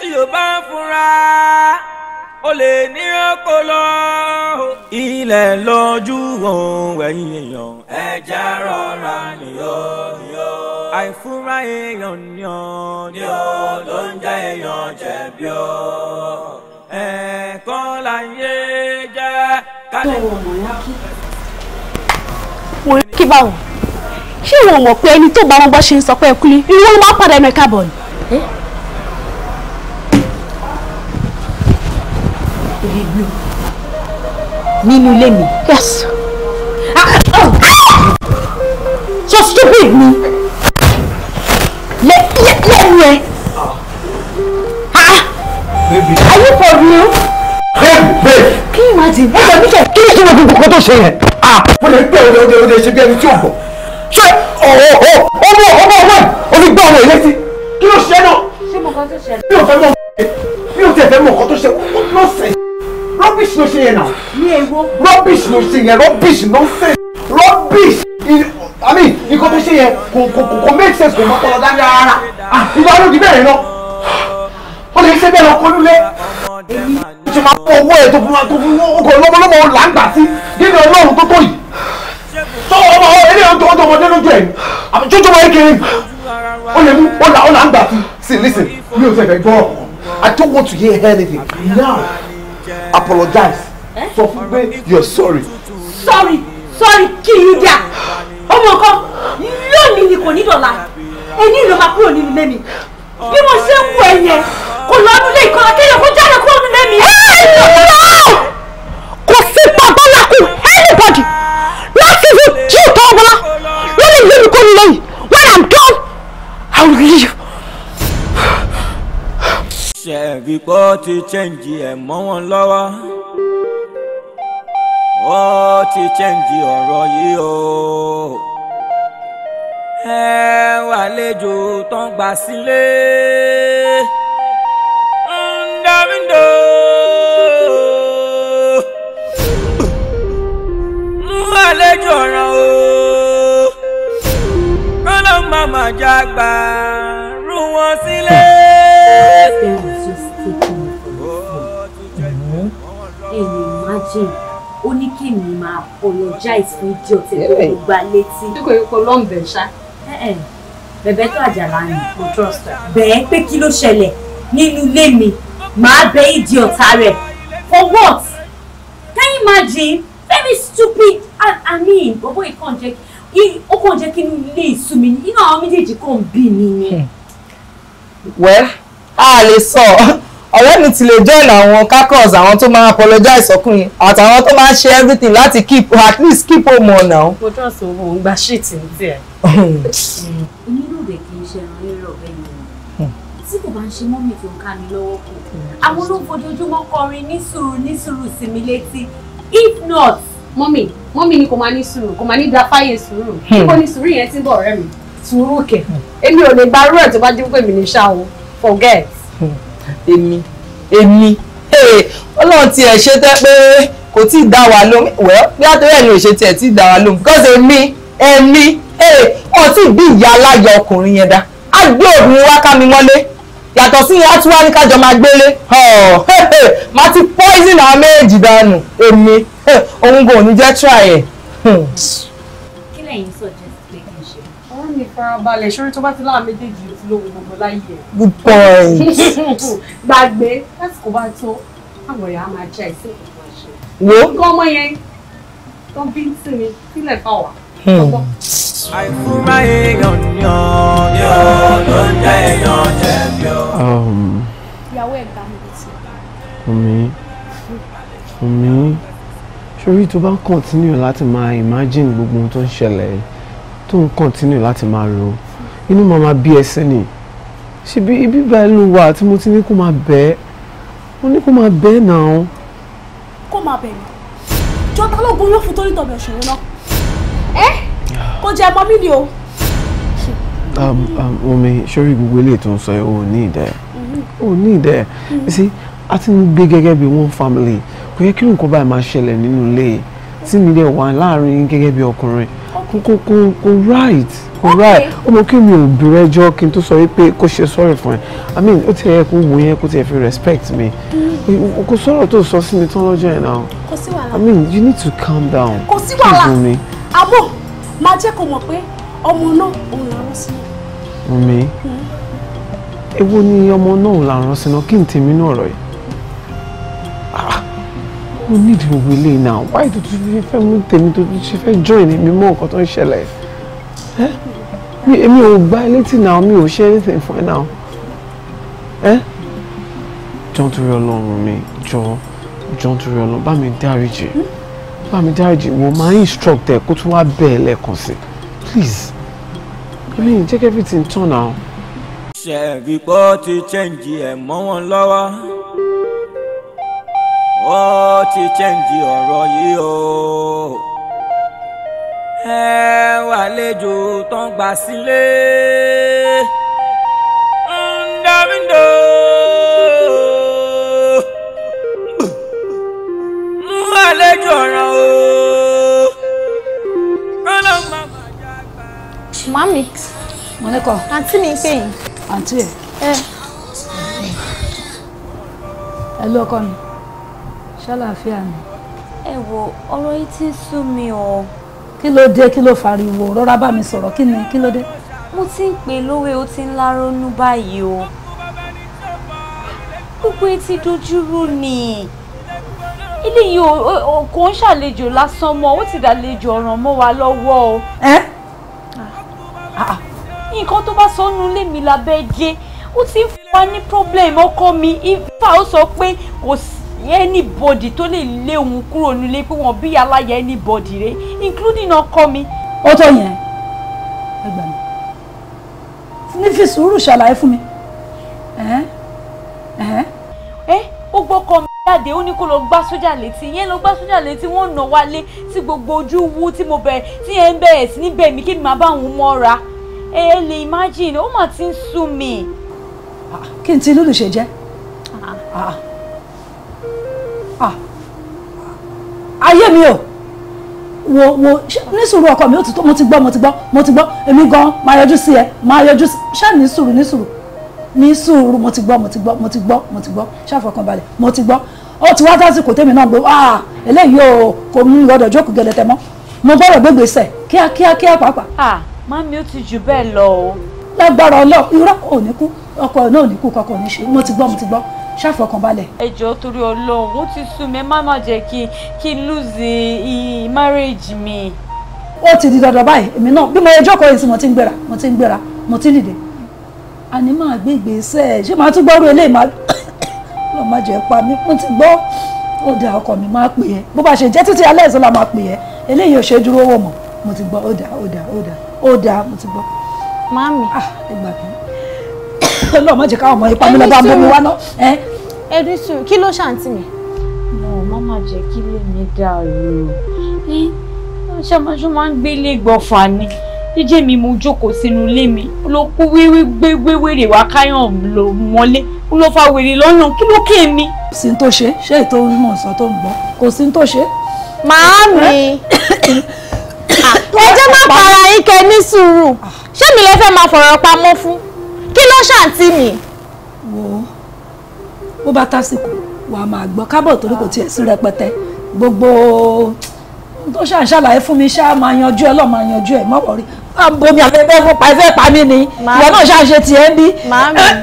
Speaker 2: tí o bá ń funra o lè ní oko lọ. ilẹ̀ lọ́jú òun ẹ̀yìn èèyàn. ẹja rọra nìyó nìyó. àìfúnra èèyàn ni ọ ni ọ ló ń jẹ èèyàn jẹ̀bi ọ. ẹ̀ẹ̀kan láyé jẹ́ kálẹ̀.
Speaker 1: mo rí kí báwọn
Speaker 4: ṣé ìwọ mọ̀ pé ẹni tó bá wọn bọ́ ṣe ń sọ pé ẹ kúlé irú wọn máa ń padà ẹnu ẹ̀ káàbọ̀ ni. kò lè lò nínú ilé mi. yes.
Speaker 1: so stupid ni lẹ́nu ẹ. baby. are you for real. babe babe.
Speaker 3: kí ni màá ti. ẹ jẹ́ bíkẹ́. kí ni ìṣòro gbogbo kan tó ṣe yẹn. mo lè gbé ọ̀rẹ́ ọ̀rẹ́ ọ̀rẹ́ ṣe bí ẹni tí ò bọ̀. ṣé ọ̀rọ̀ ọ̀rọ̀ ọmọ ọmọ ọmọ ẹ̀ olùgbọ́ ọmọ ìrẹsì kí ló ṣe náà.
Speaker 5: ṣé mo kàn tó ṣe. mi ò
Speaker 3: fẹ́ mọ̀ mi ò tẹ̀ fẹ́ mọ̀ kàn tó ṣe lọ́sẹ̀ rubbish ló ṣe yẹn náà.
Speaker 1: mi ẹ wo. rubbish
Speaker 3: ló ṣe yẹn rubbish ló ń fẹ́ rubbish i mean nǹkan tó ṣe yẹn kò kò kò kò make sense kò mọ ọpọlọ dání rárá ìgbà ló di bẹ́ẹ̀ lọ ó lè ṣe bẹ́ẹ̀ lọ kọ́ lulẹ̀ èmi ó ti máa fọ owó ẹ̀ tó fún wa tó fún ọkọ̀ lọ́mọlọ́mọ làǹgbà sí nínú ọlọ́run tó tó yìí tó ọmọ eléyìí ọjọ́ ọjọ́ ọmọdé lójú ẹ̀ àbújọ́jọ́ ọmọ ẹ̀kẹ́ ó lè mú ó là ó là ń gbà sí listen mi ò fẹ́ fẹ́ gbọ́ I don't want to hear anything now apologize eh? sọ fún pé you're sorry. sorry sorry kí ni dà ọmọ
Speaker 4: kan lónìí ni kò ní dọ̀la ẹni ló máa kúrò nínú lẹ́mi bí mo ṣe ń wọ ẹ̀yẹ kò lọ́dún lé ìkọ́ra kéèyàn kó jáde kúrò nínú lẹ́mi.
Speaker 3: kò sí bàbá lakùn anybody láti fi jí ìtọ́ ọ̀bọ̀lá lórí ìlú mi kò nílẹ̀ yìí when i'm done i will leave
Speaker 2: ṣẹ̀rípọ̀ ti chẹ́ǹjì ẹ̀ mọ́ wọn lọ́wọ́ wọ́n ti chẹ́ǹjì ọ̀rọ̀ yìí o. ẹ wà lẹ́jọ́ tán gbà sílé ńdọ́mídò. wà lẹ́jọ́ ọ̀ràn o kọ́lọ́ màmá jágbá rú wọn sílé.
Speaker 5: jane ó ní kémi máa apologize fún ìdí ọ̀tẹ̀ tó kò gba létí. tí
Speaker 4: kò yẹ kó lọ́n bẹ̀ ṣá. bẹ̀bẹ̀ tó àjàlá ni mo trust her. bẹ́ẹ̀ pé kí ló ṣẹlẹ̀ nínú ilé mi màá bẹ ìdí ọ̀tá rẹ̀ for what? can you imagine? very stupid I, mean bọ́bọ́ ìkàn jẹ́ ó kàn jẹ́ kí ilé ìsú mi inú àwọn méjèèjì kàn bí mi ni. Hmm. wẹ́ẹ́ a lè sọ ọ̀rẹ́ mi ti lè join àwọn kakos àwọn tó máa apologize ọkùnrin àtàwọn tó máa ṣe everything láti keep at least keep home on now. mo dán sí owó òun gba shit ní tiẹ̀.
Speaker 1: oníròdè
Speaker 4: kì í ṣe ẹran rírọ̀ bẹ́ẹ̀ ni tí kò bá ń ṣe mọ́mì tó ń ká mi lọ́wọ́ kù àwọn olóńgbòdójúmọ́ kọrin ní sùúrù ní sùúrù sí mi létí if not mọ́mì mọ́mì ni kò máa ní sùúrù kò máa ní gba fáyè sùúrù hmm. níbo ni sùúrù yẹn ti ń bọ̀ ọ̀rẹ́ mi sùúrù kẹ̀ èmi ò lè gba irú ẹ̀ tó bá dín pé mi ní ṣáà o forget èmi èmi ọlọ́run ti ẹ̀ ṣe tẹ́ pé kò tí ì dá wa lóhùn wẹ́ bí àtọ́rọ́ ẹ̀ ni ò ṣe tiẹ̀ tí ì dá wa lóhùn because èmi èmi wọn ò tí ì bí ìyá aláya ọkùnrin yẹn dá á gbé obìnrin wá ká mi mọ́lé yàtọ̀ sí yẹn á tún wá ní kájọ máa gbélé má ti poison àwọn méjì dànù
Speaker 1: èmi òun kò ní jẹ́ try ẹ̀. Hmm. kí lẹ́yìn sọ jẹ́ pé kí n ṣe.
Speaker 4: ọ̀rọ̀ mi farabalẹ̀ ṣorí tó bá ti láàmì déjì lówó gbogbo láyé ẹ̀.
Speaker 1: good point.
Speaker 4: gbàgbé lásìkò bá tó àwọn èèyàn á máa jẹ́ àìsí ìkọ̀kọ̀ ṣe.
Speaker 1: wo. nǹkan ọmọ
Speaker 4: yẹn tó bí ń tì mí sílẹ̀ fà wá.
Speaker 1: Hmm.
Speaker 2: àìfúnra èèyàn yàn ni ó ló ń dá èèyàn jẹ̀bi
Speaker 3: um. tó bá continue láti máa imagine gbogbo ohun tó ń ṣẹlẹ̀ tó ń continue láti máa ro inú màá máa bí ẹsẹ̀ ni ṣebí ibi báyìí ló wà tí mo ti ní kó máa bẹ́ẹ̀ mo ní kó máa bẹ́ẹ̀ náà.
Speaker 4: kó máa bẹ̀ mí jọta ló gun yóò fún torí tọ̀bẹ̀ òṣèré náà ẹ kó jẹ ẹmọ mi ni o.
Speaker 3: Um, um, omi sórí gbogbo eléyìí tó ń sọ ò ní ìdẹ mm-hmm. ò ní ìdẹ sí a ti ń gbé gẹ́gẹ́ bí one family kò yẹ kí nǹkan báyìí máa ṣẹlẹ̀ nínú ilé tí mi lè wà láàrin gẹ́gẹ́ bí ọkùnrin kò kò kò kò right kò right ọmọ kí mi ò bẹ̀rẹ̀ ẹjọ́ kí n tó sọ wípé kó ṣe sorry fún ẹ i mean ó ti yẹ kó wò yẹn kó ti yẹ fi respect mi mm-hmm. kò sọ̀rọ̀ tó sọ sí mi tán lọ́jọ́ yẹn náà i mean you need to calm down kò sí wàhálà
Speaker 4: àmọ́ máa jẹ́ kó mọ̀ pé ọmọ náà òun làwọn sí
Speaker 3: mi. mi mm-hmm. èwo ni ọmọ náà làwọn sí náà kí n tèmi náà rọ̀ yìí. We need to be ilé now. why tó tún fi fẹ́ mú tèmi tó tún ṣe fẹ́ join mi mọ́ nǹkan tó ń ṣẹlẹ̀ èmi ò gbá létí náà mi ò ṣe anything fún ẹ náà jọ́n torí ọlọ́run mi jọ jọ́n torí ọlọ́run bá but me bá mi dáríjì wọ́n máa ń instruct ẹ̀ kó tún bell? bẹ́ẹ̀ lẹ́ẹ̀kan see. please I mean take everything turn now.
Speaker 2: Everybody change rí pọ́ lover wọ́n ti chẹ́ǹjì ọ̀rọ̀ yìí o. ẹ wà lẹ́jọ́ tó gbà sílé.
Speaker 4: Mami, mo Àǹtí mi ń pè yín. Àǹtí ẹ̀. Ẹ. Ẹ mi ṣàlàáfíà ni.
Speaker 5: ẹ wo ọ̀rọ̀ yìí ti ń sú mi o.
Speaker 4: kí ló dé kí ló fariwo rọra bá mi sọ̀rọ̀ kí ni kí ló dé.
Speaker 5: mo ti ń pè lówe o ti ń láronú báyìí o. gbogbo etí dojúrú ni eléyìí
Speaker 4: ò kò ń ṣàlejò lásán mọ́ ó ti dàlejò ọ̀ràn mọ́ wa lọ́wọ́ o. ẹ ah, ah, ah. nǹkan tó bá sọ nù lé mi lábẹ́ jẹ́ ó ti ń fún ní problem ọkọ mi ifá ó sọ pé kò sí anybody tó lè lé òun kúrò nílé pé wọ́n bí aláya anybody rẹ including ọkọ mi. ó tó yẹn ẹ gbà mí ní fi sùúrù ṣàlàyé fún mi ẹ ó gbọ́kọ mi jáde ó ní kó lọ gbá sójà létí yẹn lọ gbá sójà létí wọ́n nà wálé tí gbogbo ojú wú tí mo bẹ̀rẹ̀ tí yẹn ń bẹ̀rẹ̀ sí níbẹ̀ mi kí ni màá bá òun mọ́ra ẹ ẹ lè imagine ó mà ti ń sú mi. Ah, kí n ti lùlù ṣe jẹ́. Ah. Ah, yé mi o wo wo ní sùúrù ọkọ mi ó ti tó mo ti gbọ́ mo ti gbọ́ mo ti gbọ́ èmi gan máa yọjú sí ẹ máa yọjú sí ṣá ní sùúrù ní sùúrù ní sùúrù mo ti gbọ́ mo ti gbọ́ mo ti gbọ́ mo ti gbọ́ ṣàfọkànbalẹ̀ mo ti gbọ́ ó ti wá tásìkò tèmi náà gbé ah eléyìí o kò mú gbọdọ̀ jókòó gẹlẹtẹ mọ́ mo gbọ́dọ̀ gbégbé sẹ̀ kíá kíá kíá pàápàá.
Speaker 5: ah mami ó ti jù bẹ́ẹ̀ lọ o.
Speaker 4: lágbára ọlọ́ọ̀ irọ́ òní kú ọkọ náà òní kú kọkọ òní ṣe mo ti gbọ́ mo ti gbọ́ ṣàfọkànbalẹ̀.
Speaker 5: ẹ jọ̀ọ́ torí Ọlọ́run ó ti sú mi má má jẹ́ kí kí lùzì márèèjì mi.
Speaker 4: ó ti di dandan báyìí èmi náà bí mo yẹ jókòó yìí sí mo ti ń gbéra mo ti ń gbéra mo ti ń dìde àní máa gbé ìgbésẹ̀ ṣé màá tún gbọ́rú eléyìí máa lọ má jẹ́ pa mí mo ti gbọ́ ó dà ọkọ mi máa pè é bó bá ṣe jẹ́ títí alẹ́ ìsọ́lá máa pè é eléyìí ò ṣe dúró wò mọ́ mo ti gbọ́ ó dà ó dà ó dà ó dà mo ti gbọ́. máàmì ah ẹ gbà Ọlọ́run má jẹ́ káwọn ọmọ ipa mi lọ bá bomi wá ná.
Speaker 5: ẹdí sùn kí ló ṣàǹtì mi. mo má má jẹ́ kí lè mi dàrú ṣàmọ́ṣọ́ máa ń gbélé gbọ̀fà ni jíjẹ́ mi mo jókòó sínú ilé mi ló kú wíwí gbégbé wèrè wá káyàn lò
Speaker 4: mọ́lé ló fa wèrè lọ́nà kí ló ké mi. kò sí ní tó ṣe ṣé ètò onímọ̀ sọ tó ń gbọ́ kò sí ní tó ṣe. màámi ah, ẹ jẹ́ má para yín kẹ́ ní sùúrù ah. ṣé mi lè fẹ́ máa fọ̀rọ̀ pamọ́ fún kí ló ṣàǹtí mi. wo bó bá tásìkò wàá máa gbọ́ kábọ̀ torí kò tiẹ̀ sí rẹpẹtẹ gbogbo tó ṣàn ṣàlàyé fún mi ṣá máa yanjú ẹ lọ́ọ́ máa yanjú ẹ mọ́ wọ̀rí bomi àfẹ́fẹ́ fún pa ẹ̀fẹ́ pa mí ni ìwọ náà ṣáà ṣe tiẹ̀ ń bí. màámi eh?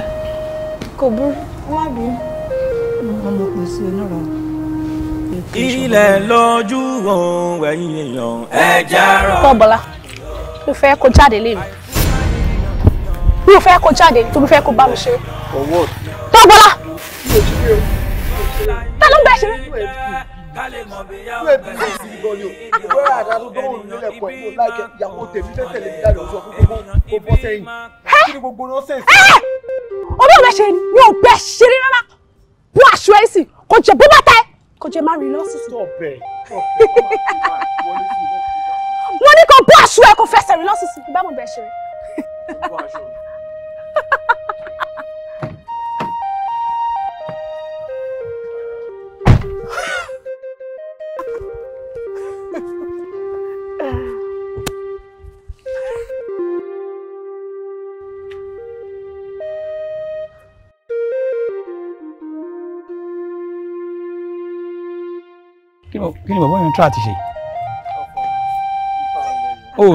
Speaker 1: kò burú má bí.
Speaker 4: wọ́n mọ̀ pé sí oníra
Speaker 2: ilẹ̀ lọ́jú òun ẹ̀yìn èèyàn ẹ̀jẹ̀ rọ̀. tọ́bọ̀lá
Speaker 4: mo fẹ́ kó jáde lé mi mi ò fẹ́ kó jáde torí fẹ́ kó bá mi ṣeré.
Speaker 2: owó.
Speaker 3: tọ́gbọ́lá. mi ò ṣeré o. ta ló ń bẹ ṣeré. Ìlú ẹbí ló ti di bọ́ọ̀lù o. Ìwé àdá tó dánwò nílẹ̀ pọ̀ ìlú láìkẹ́ ìyàwó tèmi tẹ́tẹ̀lé mi dáre ọ̀ṣọ́ fún gbogbo kò bọ́ sẹ́yìn. Kí ni gbogbo náà sẹ́yìn? Omi ò bẹ ṣe ni
Speaker 4: mi ò bẹ ṣeré rárá. Bú aṣọ ẹ̀ sì kò jẹ bó bàtà ẹ̀ kò jẹ má rìn lọ́sìsì. Wọ́n ní kò bú aṣọ ẹ̀ kò fẹsẹ̀ rìn lọ́sìsì ìbámu bẹ̀ ṣeré
Speaker 2: kí ni bàbá yẹn ń tra àti ṣe.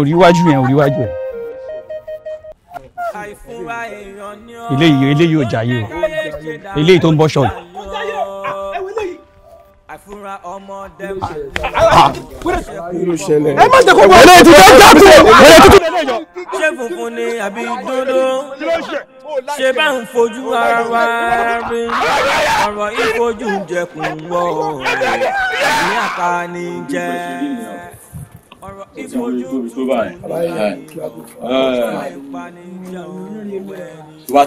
Speaker 2: rí iwájú yẹn rí iwájú yẹn eléyìí eléyìí ò jayé o eléyìí tó ń bọ́ ṣọ́ọ̀lù. Ah, ah, ah, ẹ má jẹ́ kó wọ eléyìí tó ń jà tó eléyìí ṣé funfun ni àbí dúdú ṣé bá ń fojú ara wa rí ọ̀rọ̀ ìfojú jẹkùn wọ̀ ọ̀rẹ́ ìyá ká ní jẹ́ ìtòrí tóbi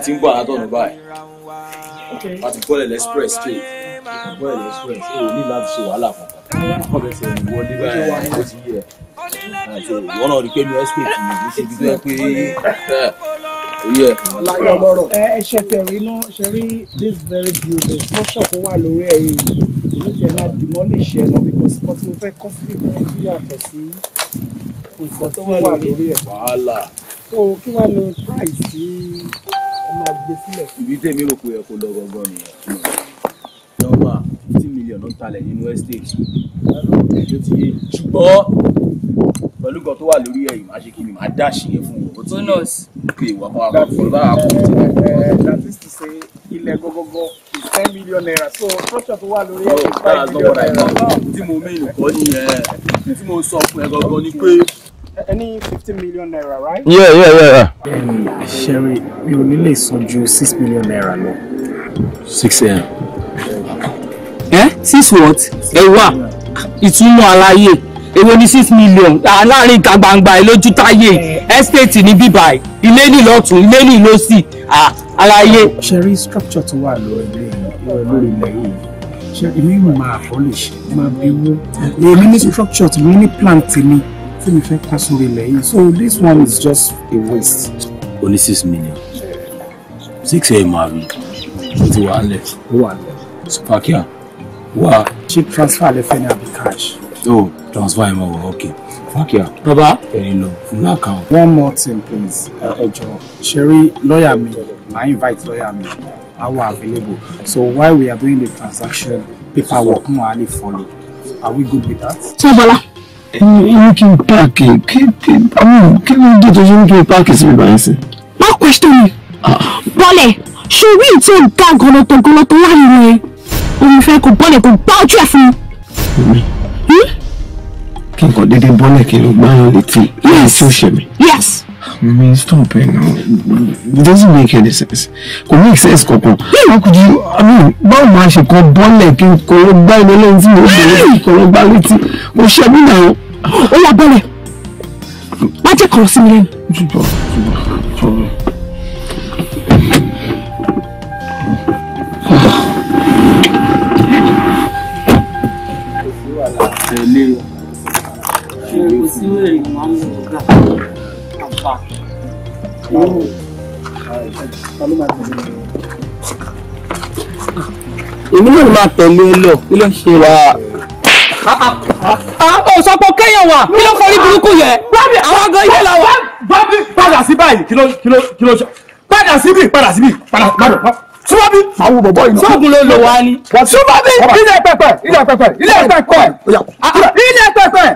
Speaker 2: ti ń bọ̀ àádọ́nù báyìí wà ti bọ́lẹ̀ lẹ́sprẹ̀sì ké bọ́lẹ̀ lẹ́sprẹ̀sì ó ní láti ṣe wàhálà kankan wọ́n bẹ̀ sẹ̀ wọlé báyìí ó ti yẹ wọ́n náà rí ṣe bí pé oyè. láyọ̀
Speaker 3: lọ́rọ̀ ẹ ṣe tẹ̀rí náà ṣe rí this very beautiful. structure tó wà lórí ẹ̀yìn èmi kẹ́ máa bímọ lè ṣe ẹ lọ because nǹkan tí mo fẹ́ kọ́ sí ìgbà tó yàtọ̀ sí nǹkan tó wà lórí ẹ̀. wàhálà. so kí wàá lo price tí ẹ máa gbé sílẹ̀. ibi tèmi rò pé ẹ kò lọ gangan nìyẹn nọ́mbà fifty million ló ń talẹ̀ nínú estate ẹjọ́ ti yé ṣùgbọ́n pẹ̀lú nǹkan tó wà lórí ẹ̀ yìí máa ṣe kí ni máa dá ṣìyẹn fún un. bonus. ok ìwà kan àkọ́kọ́ kọ́. that is million naira so
Speaker 2: structure tó wà lórí ẹ̀ oh, five million
Speaker 3: naira. tí mo mí nǹkan nìyẹn tí mo sọ fún ẹ gangan ni pé. ẹni fifteen million naira right. yẹ yẹ yẹ. ṣẹ́rí mi ò ní lè san ju six million naira lọ.
Speaker 2: six m. ẹ six what ẹ wà ìtumọ̀ àlàyé èwo ni six million láàrin ìta gbangba ìlójú táyé estate ní bíbá ilé nílọ̀tún ilé nílòsì àlàyé. ṣe rí
Speaker 3: structure tó wà lórí lórí ilẹ̀ yìí ṣé èmi máa polish máa bí wó èmi ní ah. structure tí mi ní plan tèmi tí mi fẹ́ kọ́ sórí ilẹ̀ yìí so this one is just a waste. o ní six million six ẹ̀ máa rí
Speaker 2: o ti wà á lẹ̀ ó wà á lẹ̀ spakia wà.
Speaker 3: ṣé transfer lè fẹ́ ní àbí cash.
Speaker 2: oh transfer ẹ̀ máa wọ̀ okay. Fakia. Bàbá. lọ fún lákàá.
Speaker 3: One more thing please. Ẹ jọ̀ọ́, ṣe rí lọ́ọ̀yà mi, màá invite lọ́ọ̀yà mi are available. So while we are doing the transaction, paperwork more highly follow. Are we good with that?
Speaker 1: So Bala. You can pack it. I mean, can you do the you can pack it with me? No question me. Bọ́lẹ̀, ṣorí tí ó ga gọlọtọ̀ to láàrin rẹ̀. Omi fẹ́ kò bọ́lẹ̀ kò gbá ojú ẹ̀ fún mi.
Speaker 3: Hmm? Kí n kàn dédé bọ́lẹ̀ kí n gbá létí. Yes. Láì tí ó ṣe mi. Yes. I mm-hmm. mean, stop it now. It doesn't make any sense. Kò make sense kankan.
Speaker 1: Báwo could you, I mean, báwo máa ṣe kan bọ́lẹ̀ kí n kò gbá iná lẹ́yìn tí mo bẹ̀rẹ̀ kí n kò gbá létí? Mo ṣe mí náà. Ó yà bọ́lẹ̀. Má jẹ́ kọ̀rọ̀ sí mi lẹ́nu. Jùbọ̀ jùbọ̀ jùbọ̀ bá
Speaker 3: èmi náà máa tẹ̀lé ẹ lọ kí ló ń ṣe wá.
Speaker 2: ó sọ pé kéèyàn wà kí ló forí burúkú yẹ àwọn agan ilé la
Speaker 3: bábí padà sí báyìí kí ló kí ló kí ló ṣe padà síbí padà síbí padà padà súnmọ́bí. àwọn bọ̀bọ̀ yìí. sọ́ọ̀gùn ló lò wá ni. súnmọ́bí ilé pẹpẹ ilé pẹpẹ ilé pẹpẹ
Speaker 2: ah, ah. ilé pẹpẹ.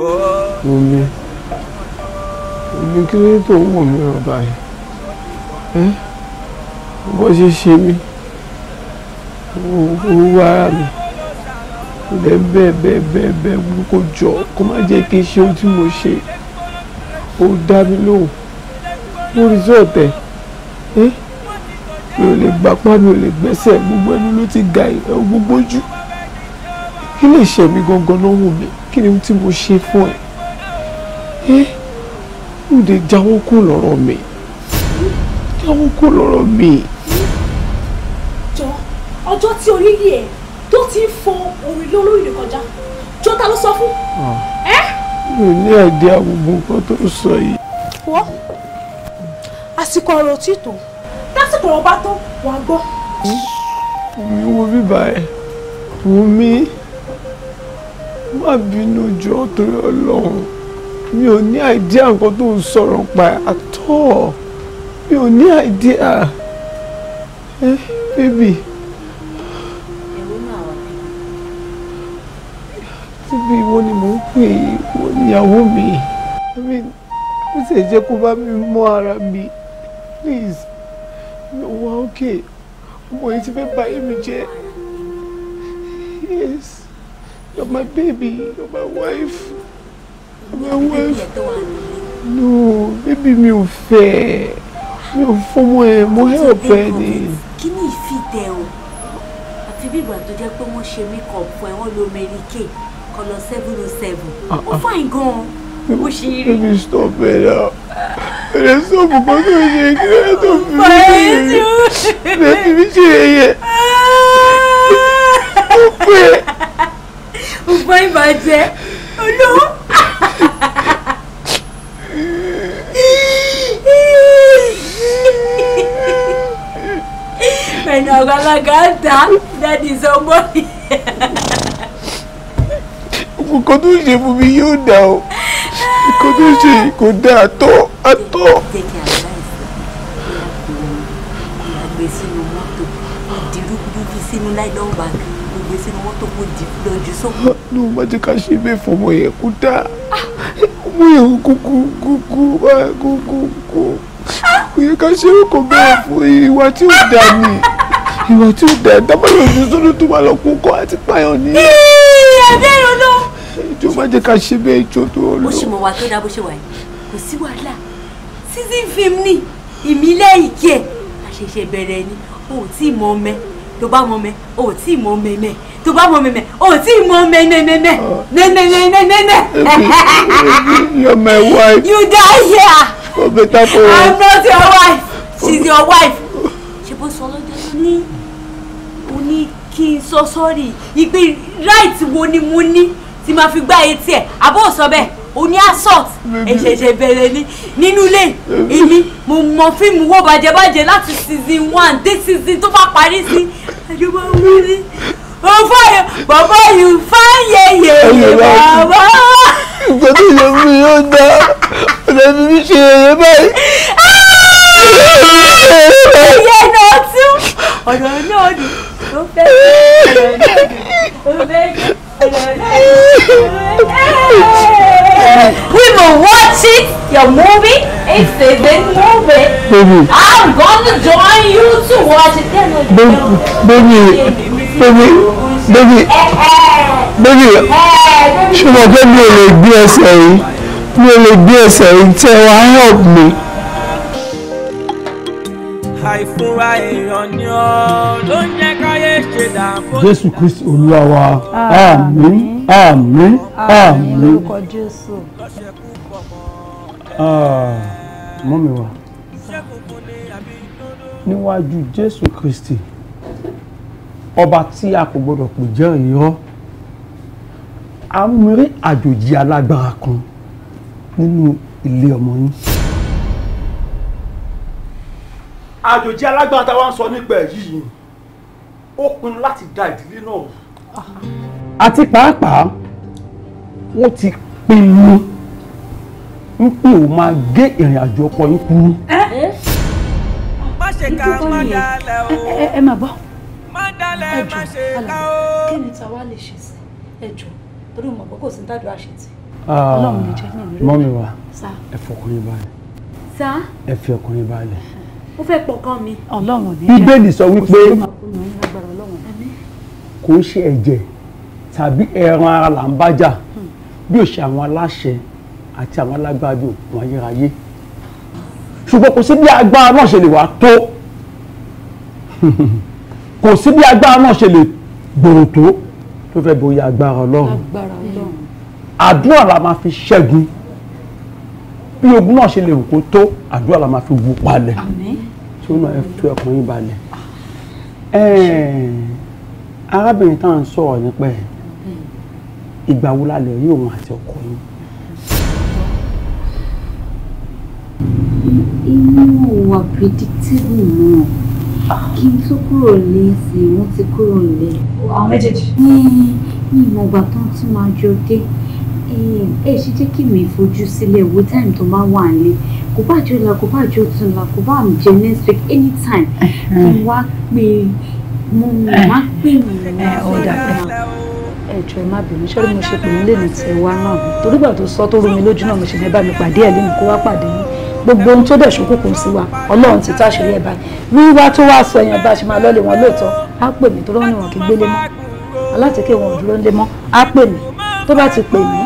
Speaker 2: omi
Speaker 3: omi kí ló tó ń mí ọba yìí ẹ bó ṣe ṣe mí owó ara mi ilẹ̀ bẹ́ẹ̀ bẹ́ẹ̀ bẹ́ẹ̀ bẹ́ẹ̀ kó jọ kó má jẹ́ kí n ṣe ohun tí mo ṣe ó dá mi lóhùn mo rí sí ọ̀tẹ̀ ẹ mi ò lè gbapá mi ò lè gbẹ́sẹ̀ gbogbo ẹnu ló ti ga ìwé gbogbo jù kí lè ṣe mí gangan ló wù mí kí ni tí mo ṣe fún ẹ ẹ ò lè jáwọ́ kó lọ́rọ̀ mi jáwọ́ kó lọ́rọ̀ mi.
Speaker 4: jọ ọjọ́ tí orílẹ̀ ẹ̀ tó ti ń fọ orin lólórí rẹ̀ kọjá jọ ta ló sọ fún.
Speaker 3: Ah. mi ò ní àdé àgbègbè nǹkan tó ń sọ yìí.
Speaker 4: wọ́n àsìkò ọ̀rọ̀ tí tó tásìkò ọ̀rọ̀ bá tó
Speaker 3: wàá gbọ́. mi ò wọ bíbá ẹ̀ wọ́n mi má bínú jọ torí ọlọ́run mi ò ní àìdíà nǹkan tó ń sọ̀rọ̀ pa àtọ́ mi ò ní àìdíà ẹ bébì. síbi ìwọ ni mò ń pè ìwọ níyàwó mi mi ó sì jẹ́ kó bá mi mọ́ ara mi please mi ò wá òkè ọmọ yìí ti fẹ́ báyìí mi jẹ́ yes. You're my baby. You're my wife. You're my wife. No, baby mi ò Me, Mi ò fọmọ
Speaker 1: ẹ, mo help ẹ ni.
Speaker 4: Kí ni ìfìtẹ̀ o? Àfi bí ìgbà tó jẹ́ pé wọ́n ṣe makeup fún ẹ, wọ́n lo Mary Kay, kọlọ 707. Ó ah. fàìn gan-an.
Speaker 3: Mo ṣe rí. Baby stop it náà. Ẹ̀rẹ́ sọ́ọ̀bù kan tó ṣe kí ló tó fi mí ṣe yẹ.
Speaker 1: Ẹ̀rẹ́ ti fi ọgbọ́n ìbàjẹ́ olówó.
Speaker 3: pẹ̀lú àwọn alágàtà
Speaker 4: dáàdì sọmọ
Speaker 3: nǹkan tó ṣe fún mi yóò dà o nǹkan tó ṣe kò dà àtọ́
Speaker 5: àtọ́. jẹ́ kí àlá ìfẹ́ gbé
Speaker 4: sínú mọ́tò
Speaker 3: kó dì lọ́jú sókun. ló má jẹ́ ká ṣe bẹ́ẹ̀ fọmọ yẹn kó dá mú ìhun kúkú kúkú kúkú kú kò yẹ ká ṣe é kò bẹ́ẹ̀ fún ìwà tí ò dá ni ìwà tí ò dá dábàá lòdì sódò tó máa lọ kó kọ́ àti pààyàn ní. ẹ̀ẹ́dẹ́ ìrọ̀lọ́. ìjọ má jẹ́ ká ṣe bẹ́ẹ̀ ìjọ tó lọ. mo ṣì mọ̀
Speaker 4: wá tó dá bó ṣe wà yìí kò sí wàhálà season film ni ìmílẹ̀ ìkẹ́ àṣẹ̀ṣẹ̀ bẹ̀rẹ̀ ni o ò tí ì mọ ọmọ tó bá mọ mẹ o tí ì mọ mẹmẹ tó bá mọ mẹmẹ o ò tí ì mọ mẹmẹmẹmẹ nẹnẹnẹnẹnẹ.
Speaker 3: you're my wife. you die here. o bẹ ta fún i'm not your
Speaker 4: wife she's your wife. ṣe bó sọ lọ́jọ́ tó ní o ní kí n sọ sọ́ọ̀rì ìpè right wo ni mo ní tí màá fi gbá etí ẹ̀ àbó sọ bẹ́ẹ̀ o ní assault ẹ̀ṣẹ̀ṣẹ̀ bẹ̀rẹ̀ ni nínú ilé èmi mo mọ fíìmù wò bàjẹ́bàjẹ́ láti season one dé season tó bá parí sí àjọba wíwí òfò
Speaker 1: bàbá yìí fáyẹyẹ bàbá. ìgbọ́dọ̀ yóò mi yóò dá ọ̀dà mi mi ṣe eré báyìí. ẹyẹ náà tún ọ̀nà náà dùn ó fẹ́ ọ̀nà náà dùn ó fẹ́ ọ̀nà náà dùn
Speaker 4: watch it, your movie, if they didn't move it, baby. I'm gonna join you to watch it. baby,
Speaker 1: baby, baby, eh, eh. baby, eh, baby, ṣùgbọ́n pé mi ò lè gbé ẹsẹ̀
Speaker 3: yìí Tell ò help me.
Speaker 2: àìfúnra èèyàn ni ọ ló ń jẹ́ káyé
Speaker 3: ṣe Kristi Olúwa wa àmín àmín àmín. àmín orúkọ Jésù. Ah, mọ́mi wa níwájú Jésù Kristi ọba tí a kò gbọdọ̀ pè jẹ́ irọ́ amúrí àjòjì alágbára kan nínú ilé ọmọ yín. àjòjì alágbára tá a wá ń sọ nípa ẹ̀ yìí ó pinnu láti da ìdílé náà àti pàápàá wọ́n ti pinnu n kò máa gé ìrìn àjò ọkọ yín kúrú.
Speaker 2: má ṣe ká má dalẹ̀ o. ẹ ẹ má gbọ́. má dalẹ̀ má ṣe ká o. kí
Speaker 4: ni tàwa lè ṣe sí ẹ jọ torí mo mọ̀ kó sí dájọ́ àṣetì.
Speaker 3: Ah,
Speaker 1: ọlọ́run lè jẹ́ ní ìrírí.
Speaker 4: mọ́mi wa
Speaker 3: ẹ fọkùnrin balẹ̀. sá. ẹ fi ọkùnrin balẹ̀.
Speaker 4: ó fẹ́ pọkàn mi. ọlọ́run ò ní jẹ́. bíbélì sọ wípé
Speaker 3: kò ń ṣe ẹ̀jẹ̀ tàbí ẹran ara là ń bá jà hmm. bí ò ṣe àwọn aláṣẹ àti àwọn alágbára bíi òkun ayérayé ṣùgbọ́n kò sí bí agbára náà ṣe lè wá tó kò sí bí agbára náà ṣe lè gbòòrò tó tó fẹ́ borí agbára ọlọ́run àdúrà la máa fi ṣẹ́gun bí ogun náà ṣe lè wù kó tó àdúrà la máa fi wù palẹ̀ tí ó náà tó ẹkùn yín balẹ̀ ah. arábìnrin tá à ń sọ̀rọ̀ nípa ẹ̀ ìgbà wo la lè rí òun àti ọkọ yín.
Speaker 5: inú wa predictable náà kí n tó kúrò lé sí wọn ti kúrò lé. àwọn méjèèjì. ní ìmọ̀gbà tán tún máa jọ dé eh, ẹ ṣe jẹ́ kí mi fojú sílẹ̀ wo time tó bá wà nílé kò bá jọ la kò bá jọ tún la kò bá jẹ next week anytime kí n wá pé mo má pè mí lọ. ọ̀dà
Speaker 4: ẹ̀jọ̀ ẹ má bínú ṣé mo ṣe pè mí lè ní tiẹ̀ wá náà torí gbà tó sọ tó rú mi lójú náà mo ṣe ní bá mi pàdé ẹ̀ lónìí kó wá pàdé yín gbogbo ohun tó dẹ̀ ṣokùnkùn sí wa ọlọ́run ti táṣìírí ẹ̀ báyìí wíwá tó wá sọ èèyàn bá ṣe máa lọ́lẹ̀ wọn lóòótọ́ á pè mí tó lọ́rùn wọn kì í gbélé mọ́ alátìkẹ́ wọn ò dúró ńlé mọ́ á pè mí tó bá ti pè mí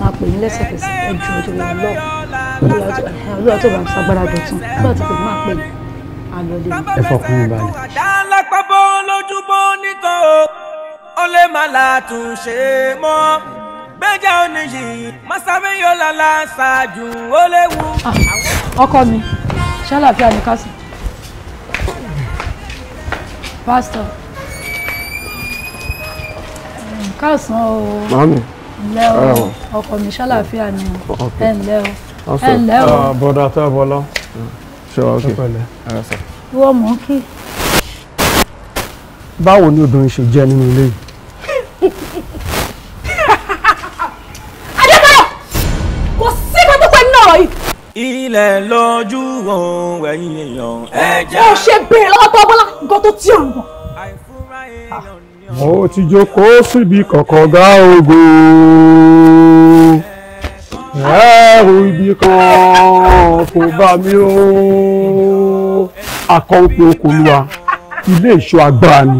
Speaker 4: máa pè mí lẹ́sẹ̀kẹsẹ̀ ẹ ju ọjọ́ ìwà lọ́ọ̀ olúwa tó bá ń sagbára dọ̀tún tó bá ti pè mí máa pè mí
Speaker 1: àlọ́lẹ̀ mi. ẹ fọkùn mi balẹ̀.
Speaker 2: ṣálápàbọ̀ lójúbọ nítọ́ ó lè má látúnṣe mọ́ gbẹ́jà oníyì mọ́sáfẹ́ yóò lọ́la ṣáájú ó léwu. Ah,
Speaker 4: ọkọ mi ṣàlàfíà ní kásì pásítọ̀ hmm, káàsán o ǹlẹ́ o ọkọ mi ṣàlàfíà ni ẹ ǹlẹ́ o ẹ ǹlẹ́
Speaker 3: o. Ah, bọ́dà tó ẹ bọ́lá ṣe wá ókè wọ́n mọ̀ kí. báwo ni obìnrin ṣe jẹ́ nínú ilé yìí.
Speaker 2: ilẹ̀ lọ́jú òun ẹ̀yìn èèyàn. ẹ̀jẹ̀ ò ṣe
Speaker 4: bèrè lọ́wọ́ tó bọ́lá nǹkan tó tí ò ń bọ̀.
Speaker 2: mo ti
Speaker 3: jókòó síbi kọ̀ọ̀kan gá ògo ẹ̀rù ibi kan kò bá mi ó akọ́wé okòlùwà ilé ìṣọ́ agbára ni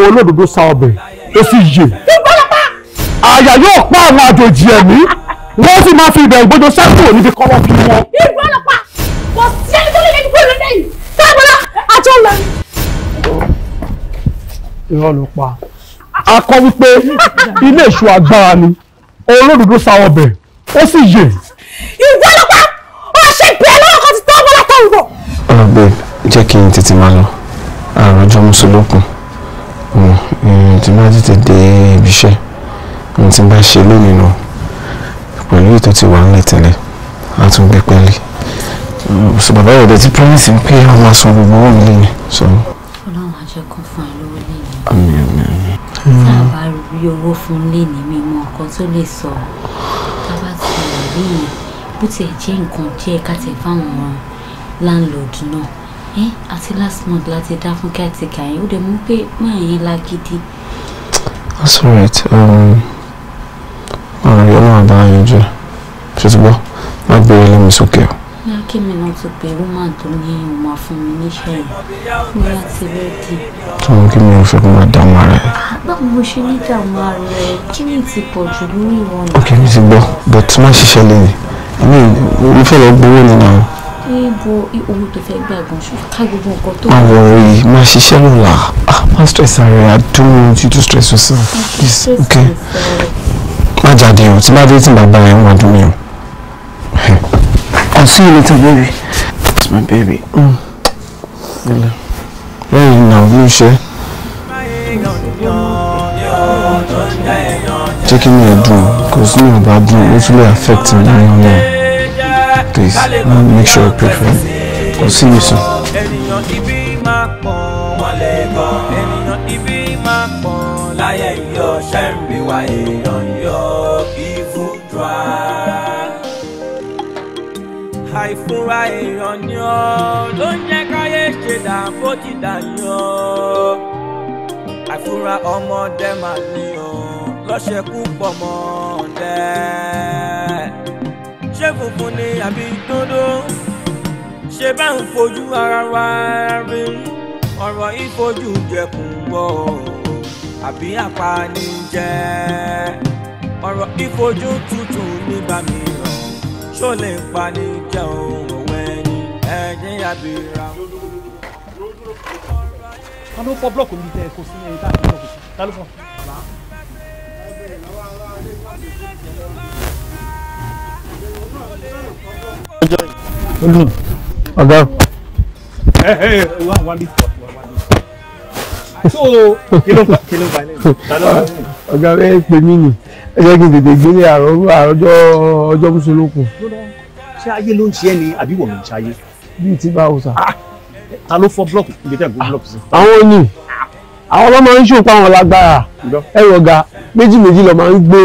Speaker 3: olódodo sa ọbẹ̀ ó sì yè àyà yóò pa àwọn àjòjì ẹ̀mí wọ́n sì máa fi ìbẹ̀rù gbọ́dọ̀ sẹ́kù níbi kọ́wọ́ fi
Speaker 1: wọn. ìlú ọlọ́pàá kò sí ẹni tó lè yẹn kúrò lóde yìí tábọlá àjọ lọ.
Speaker 3: irọ́ ló pa a
Speaker 1: kọ́ wípé ilé ìṣù agbára ni olódodo sa ọbẹ̀ ó sì yè. ìlú ọlọ́pàá ó ṣe ìpè lọ́wọ́ kan ti tábọlá tó ń bọ̀. ọ̀rọ̀ bẹ́ẹ̀
Speaker 3: jẹ́ kí n tètè máa lọ àrùn ọjọ́ mùsùlùkùn tí má tètè dé ibiṣẹ́ n ti bá ṣe lónìí náà pẹ̀lú ètò tí wà nílẹ̀ tẹ́lẹ̀ a tún gbé pẹ́lí so bàbá ìrọ̀lẹ́ ti promise mi pé àwọn aṣọ
Speaker 1: gbogbo wọn mi lẹ́yìn so.
Speaker 5: ọlọ́run á jẹ́ kan fún ẹ lówó lẹ́yìn.
Speaker 1: àmín àmín àmín. tá a bá
Speaker 5: rí owó fún lẹ́ni mi mọ nǹkan tó lè sọ tá a bá ti rí i bó tiẹ̀ jẹ́ nǹkan díẹ̀ ká tẹ̀ fáwọn landlord náà ẹ àti last month láti dá fún kẹ́tìkà yẹn ó dẹ̀ mú pé máa yẹn lágídí.
Speaker 3: that's all right. Um, máa bá yanjú ẹ̀ ṣe ti gbọ́ má bèrè e lẹ́mi sókè o.
Speaker 5: ní akémi náà ti pè woman tó ní ọmọ fún mi níṣẹ́ rẹ̀ ní láti
Speaker 3: mi ò fẹ́ kó máa dààmú ara ẹ̀. Ah, báwo mo ṣe ní dààmú
Speaker 5: ara ẹ kí ti pọ̀ jù lórí ìwọ náà. mi ti gbọ́
Speaker 3: but má ṣiṣẹ́ lẹ́yìn èmi mo fẹ́ lọ gbowó nínú àwọn.
Speaker 5: ibo ohun tó fẹ́ gbà gan ṣùgbọ́n ká gbogbo nǹkan tó. àwọn
Speaker 3: ọ̀rọ̀ yìí máa ṣiṣẹ́ lọ́la ah má stress ara ẹ I don't you to stress yourself please okay jáde o tí bá dé tí bàbá ẹ̀ wọ́n dùn mí o. I'll see you later, baby. It's my baby. Mm. Hello. Hey, now, you share. jẹ́ kí mi ò dùn cause mi ò bá dùn ó tún lè me ní ọ̀nà please make sure you pray for me I'll see you soon.
Speaker 2: ènìyàn ìmúra èèyàn ni ọ́ ló ń jẹ́ káyé ṣe dàbó ti dàyàn ọ́ àfúnra ọmọdé mà ní ọ́ lọ́ṣẹ̀kú pọ̀ mọ́ ọ̀dẹ́ ṣé funfun ni àbí dúdú ṣe bá ń fojú ara wa rí ọ̀rọ̀ ìfojú jẹkùn bọ̀ àbí apanijẹ́ ọ̀rọ̀ ìfojú tuntun nígbà mìíràn ṣó lè pani jẹ́ o àbèrà.
Speaker 3: ta ló fọ́ búlọ̀kù mi tẹ kó sí ẹni tá a fi búlọ̀kù sí ta ló fọ́.
Speaker 1: ọ̀gá. ẹ
Speaker 3: ẹ wá wá bí ọ̀gá ẹ pè mí nì ẹ jẹ́ kí n tètè gbé ní àrọ́jọ́ ọjọ́ búṣolókun. ṣé ayé ló ń ṣe é ni àbí wọ̀n mi ń ṣe ayé bíi ti bá òòsà. Ah, ta ló fọ́ blọọkì
Speaker 2: ibi tẹ́ gbé blọọkì
Speaker 3: sí. Ah, àwọn ni àwọn ọlọ́mọ ń ṣòpá àwọn lágbára ẹ̀rọ ga méjì méjì lọ máa ń gbé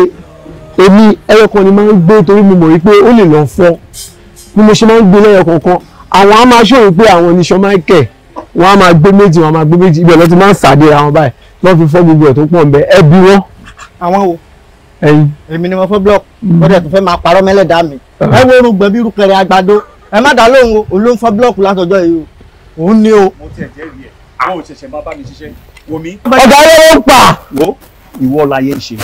Speaker 3: èmi ẹyọ kan ni máa ń gbé torí mo mọ̀ wípé ó lè lọ fọ́ bí mo ṣe máa ń gbé lẹ́yọ kọ̀ọ̀kan àwọn á máa ṣòro pé àwọn ní sọ Michael wọn á máa gbé méjì wọn á máa gbé méjì ibẹ̀ lọ ti máa ń sàdéra wọn báyìí lọ́ fi fọ́ gbogbo ẹ̀ tó pọ̀ ń bẹ ẹ bí wọ́n. àwọn o ẹyin èmi ni mo fẹ́ blọọkì wọ́n mm. dẹ̀ tó fẹ́ máa parọ́ mẹ́lẹ̀dá mi ah. ẹ wo orun gbẹ̀bí rúkẹrẹ àgbàdo ẹ má dá lóhùn o ló ń fọ́ búlọ́ọ̀kù látọjọ́ yìí o òun ni o. mo tiẹ̀ jẹ́ rí ẹ̀ àwọn òṣèṣẹ́ máa bá mi ṣiṣẹ́ wò mí. ọ̀gá ló ń pa. wo ìwọ láyé ń ṣe.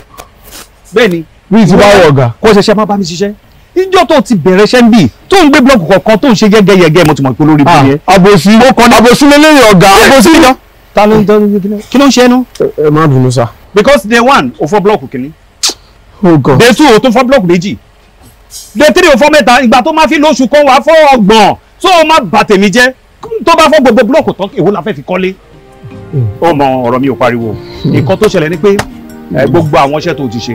Speaker 3: bẹ́ẹ̀ni. wíì ti bá wọ ọ̀gá. kó ṣẹṣẹ máa bá mi ṣiṣẹ́. ìjọ́ tó ti bẹ̀rẹ̀ ṣẹ́ ń bì tó ń gbé búlọ́ọ̀kù kọ̀ọ̀kan tó ń ṣe gẹ́gẹ́yẹgẹ́ mo ti mọ̀ pé olórí bí yẹn. Ah, àbòsí àbòsí é nu. ẹ because day one ò fọ́ búlọ́ọ̀kù oh god. day two ò tún fọ́ búlọ́ọ̀kù de three o four mẹ́ta ìgbà tó máa fi lóṣù kan wà fọ́ ọgbọ̀n tó o máa bà tèmi jẹ́ tó bá fọ́ gbogbo búlọ̀kù tán èwo la fẹ́ fi kọ́lé. o mọ ọ̀rọ̀ mi ò pariwo nǹkan tó ṣẹlẹ̀ ni pé gbogbo àwọn iṣẹ́ tó ti ṣe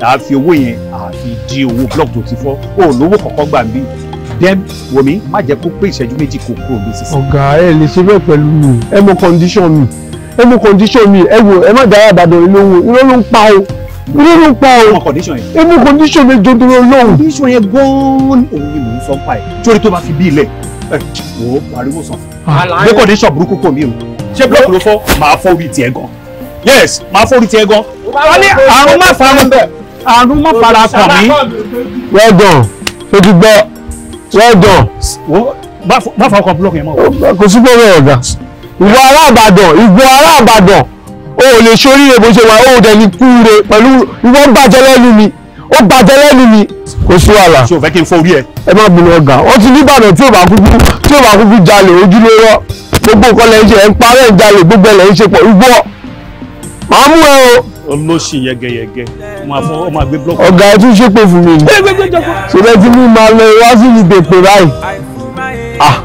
Speaker 3: à á fi owó yẹn à á fi di owó búlọ̀kù tó ti fọ́ ó lówó kọ̀ọ̀kan gbà bí dem wòmí má jẹ́ kó pé ìṣẹ́jú méjì kò kúrò ní sísè. ọ̀gá ẹ lè ṣe bẹ́ẹ̀ pẹ̀lú mi ẹ mọ condition mi ẹ mọ condition mi ẹ wò ẹ má dára àbàdàn ìlú òun irọ́ ń pa o irú ń pa o. ọmọ condition yẹn. ẹmu condition yẹn jọ dúró lọ́hùn. condition yẹn gan-an òun ni mò ń sọ pa ẹ̀ torí tó bá fi bí ilẹ̀ ẹ̀ wò ó pariwo sàn. gbé condition burúkú kò mí o ṣé block ló fọ́ màá fọ́ orí tiẹ̀ gan. yes màá fọ́ orí tiẹ̀ gan.
Speaker 1: wọ́n ní àrùn má fara àrùn má fara kàn mí.
Speaker 3: well done o ti gbọ́ well done. má fọwọ́ kan block yẹn mọ́ o. kò sí pé wọ́n ọ̀gá ìwọ ará àbàdàn ìwọ ará o ò lè ṣoríire bó ṣe wà o ò dẹ̀ ní kúure pẹ̀lú ìwọ́n bàjẹ́ lẹ́nu mi ó bàjẹ́ lẹ́nu mi kò sí wàhálà. ṣé o fẹ́ kí n fọ orí ẹ. ẹ má bínú ọgá wọn ti ní ìbàdàn tí ò bá kúkú tí ò bá kúkú jalè ojúlówó gbogbo nǹkan lẹ́yìn ṣe ẹ̀ ń parẹ́ ìjalè gbogbo ẹ̀ lẹ́yìn ṣe pọ̀ ìgbọ́ màá mú ẹ o olóṣì yẹgẹyẹgẹ ó máa gbé blọọkù. ọ̀gá ẹ tún ṣépè fún mi ṣẹlẹ̀ tí mi máa lọ wá sí ibi èpè báyìí ah,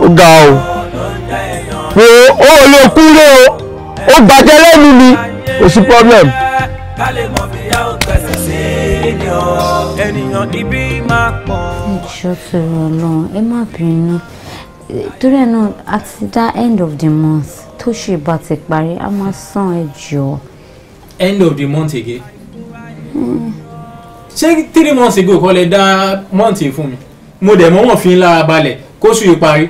Speaker 3: ó ga o ó lè kúrò o ó gbàjẹ́ lẹ́nu ni kò sí
Speaker 2: problem. ìjọ
Speaker 5: tó rọ ẹ má bínú torí ẹ̀ náà àti dá end of the month tó ṣe bá ti parí a máa san ẹ jọ.
Speaker 3: end of the month again. ṣé three months ago kọ́ lẹ dá month fún mi mo dẹ̀ mọ́ wọ́n fi ń lára balẹ̀ kóṣù ìparí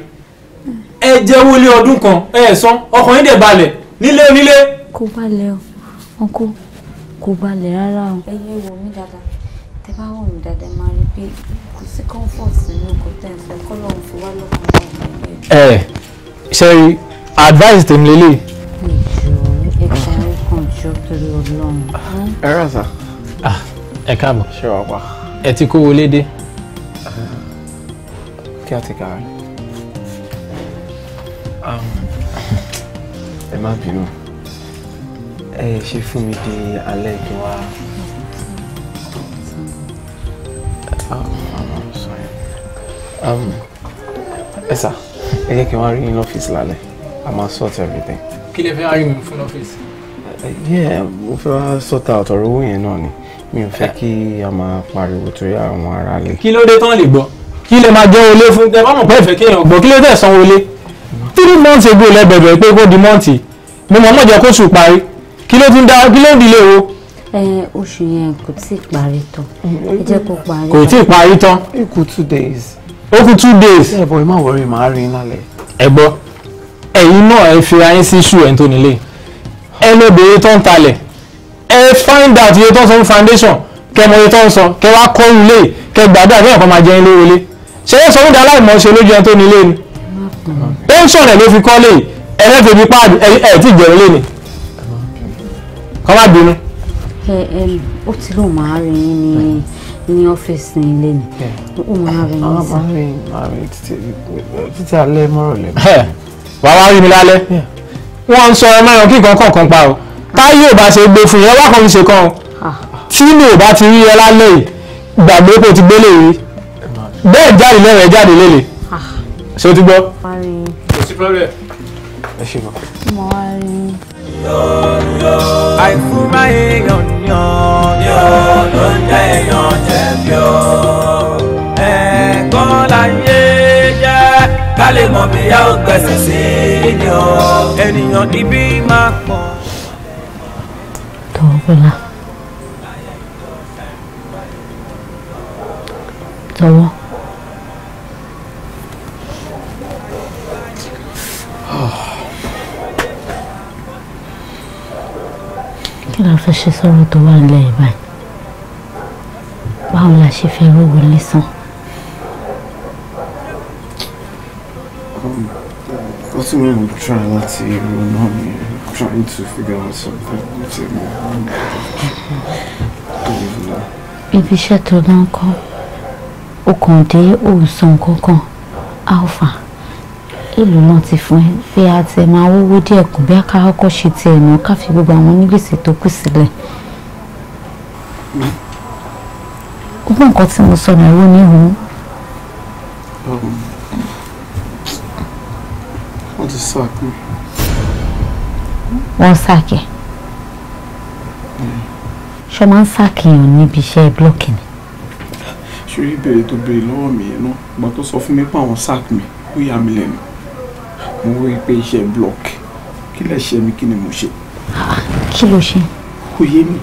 Speaker 3: ẹ
Speaker 2: jẹ́ wọlé ọdún kan ẹ san ọkàn yín dẹ̀ balẹ̀ nílé onílé.
Speaker 5: kò balẹ̀ o ọkọ kò balẹ̀ rárá o. ẹyẹ wo mi dáadáa tẹ bá wò mí dáadáa máa rí pé kò sí comfort nínú kò tẹ̀ ń fẹ́ kọ́ lọ́run fi wá lọ́kàn
Speaker 3: náà. ẹ ṣe advice tèmi lélẹ̀. ìjọ
Speaker 5: ẹ̀ka ẹ̀kan jọ torí ọlọ́run. ẹ rà sá. ẹ káàbọ̀ ṣé wàá pa.
Speaker 3: ẹ ti kó wọlé dé. kí a ti kàwé. Um, ẹ má bínú ẹ ṣe fún mi di alẹ́ kí wá. Um, ẹ sà ẹ jẹ́ kí n wá rí yín lọ́fíìsì lálẹ́ a máa sort everything. kí lè fẹ́ rí mi fún lọ́fíìsì. yẹ mo fẹ́ wá sort out ọ̀rọ̀ owó yẹn náà ni mi ò fẹ́ eh. kí a máa pariwo torí àwọn aráàlú. kí ló dé tán lè gbọ́ kí lè máa jẹ́ olé fún tẹ bá mọ̀ pé ìfẹ́ kéèyàn gbọ́ kí ló dé sanwó-olé three months ago lẹ́bẹ̀bẹ̀ pé kó di mọ́ǹtì mo mọ̀ mọ̀jọ kó sùn parí kí ló ti ń dá kí
Speaker 5: ló ń dilé o. oṣù yẹn kò tí ì parí tán ẹ jẹ́ kó parí. kò tí ì
Speaker 3: parí tán. ó kù two days. ó kù two days. ẹ bọ ẹ má wọrí màá rí iná lẹ. ẹ gbọ́ ẹ̀yin náà ẹ fi ayé sí ṣù ẹ̀ tó nílé ẹ lọ bèrè tán talẹ̀ ẹ find out iye tán sọ foundation kẹ mọ iye tán sọ kẹ wá kọ́ ilé kẹ gbàdúrà kí ẹ̀kọ́ máa jẹ́ ilé wọlé ṣé ẹ sọ fún dalai mọ̀ ṣe lójú ẹ tó nílé ni ó ń sọ̀rọ̀ ló fi kọ́lé ẹlẹ́fẹ̀ẹ́ bí páàdì ẹ̀ tí ìjẹun lé ni kọ́ má bínú.
Speaker 5: ẹ ẹ ó ti lóun máa rí yín ní ní ọ́fíìsì ní ilé ni ó máa rí yín sí. máa rí
Speaker 3: títí alẹ́ mọ́rọ̀ lẹ́nu. wà á wá rí mi lálẹ́
Speaker 1: wọ́n ń sọ ẹ máa yan kí nǹkan kọ̀ọ̀kan pa o táyé ò bá ṣe gbé fún yẹn wá kan ṣe kan o tí mi ò bá ti rí ẹ lálẹ́ yìí gbàgbé kó ti gbélé
Speaker 3: yìí bẹ́ẹ̀ jáde lẹ́rẹ̀ẹ́ jáde lélẹ̀ẹ́ ṣé o ti gbọ́.
Speaker 2: kò sí problem. ẹ ṣe bọ. mo wá rí i. àìfúnra èèyàn yàn yàn ló ń jẹ èèyàn jẹ̀bi o ẹ̀ẹ̀kan láyé jẹ́ ká lè mọ̀ bí a ó gbẹ̀sẹ̀ sí i ni o ènìyàn níbí máa pọ̀.
Speaker 1: tọ́wọ́ bọ́lá tọ́wọ́.
Speaker 5: kí la fẹ́ ṣe sọ̀rọ̀ tó wà nílẹ̀ yìí báyìí báwo la ṣe fẹ́ rówó lẹ́sàn.
Speaker 3: Ultimately, I'm trying not to even know me. trying to figure out something.
Speaker 5: Ibi iṣẹ́ tó dán kọ́, o kàn dé òòsàn kankan, alpha èlò náà ti fún ẹ bí a ti máa wówó díẹ̀ kù bí a ṣe ti ẹ̀nà ká fi gbogbo àwọn onígbèsè tó kù sílẹ̀. gbogbo nǹkan tí mo sọ náà ló ní ìhun.
Speaker 3: wọ́n ti sáàkì.
Speaker 5: wọ́n sáàkì. ṣé o máa ń sáàkì yàn níbi iṣẹ́ blọ́ọ̀kì ni.
Speaker 3: ṣé ìbéèrè tó béèrè lọ́wọ́ mi yẹn náà ìgbà sọ fún mi pé àwọn sáàkì mi ó yà mí lẹ́nu mo rí i pé iṣẹ́ block kí lè ṣe mí kí ni mo ṣe.
Speaker 1: Ah, kí ló ṣe.
Speaker 3: kò yé mi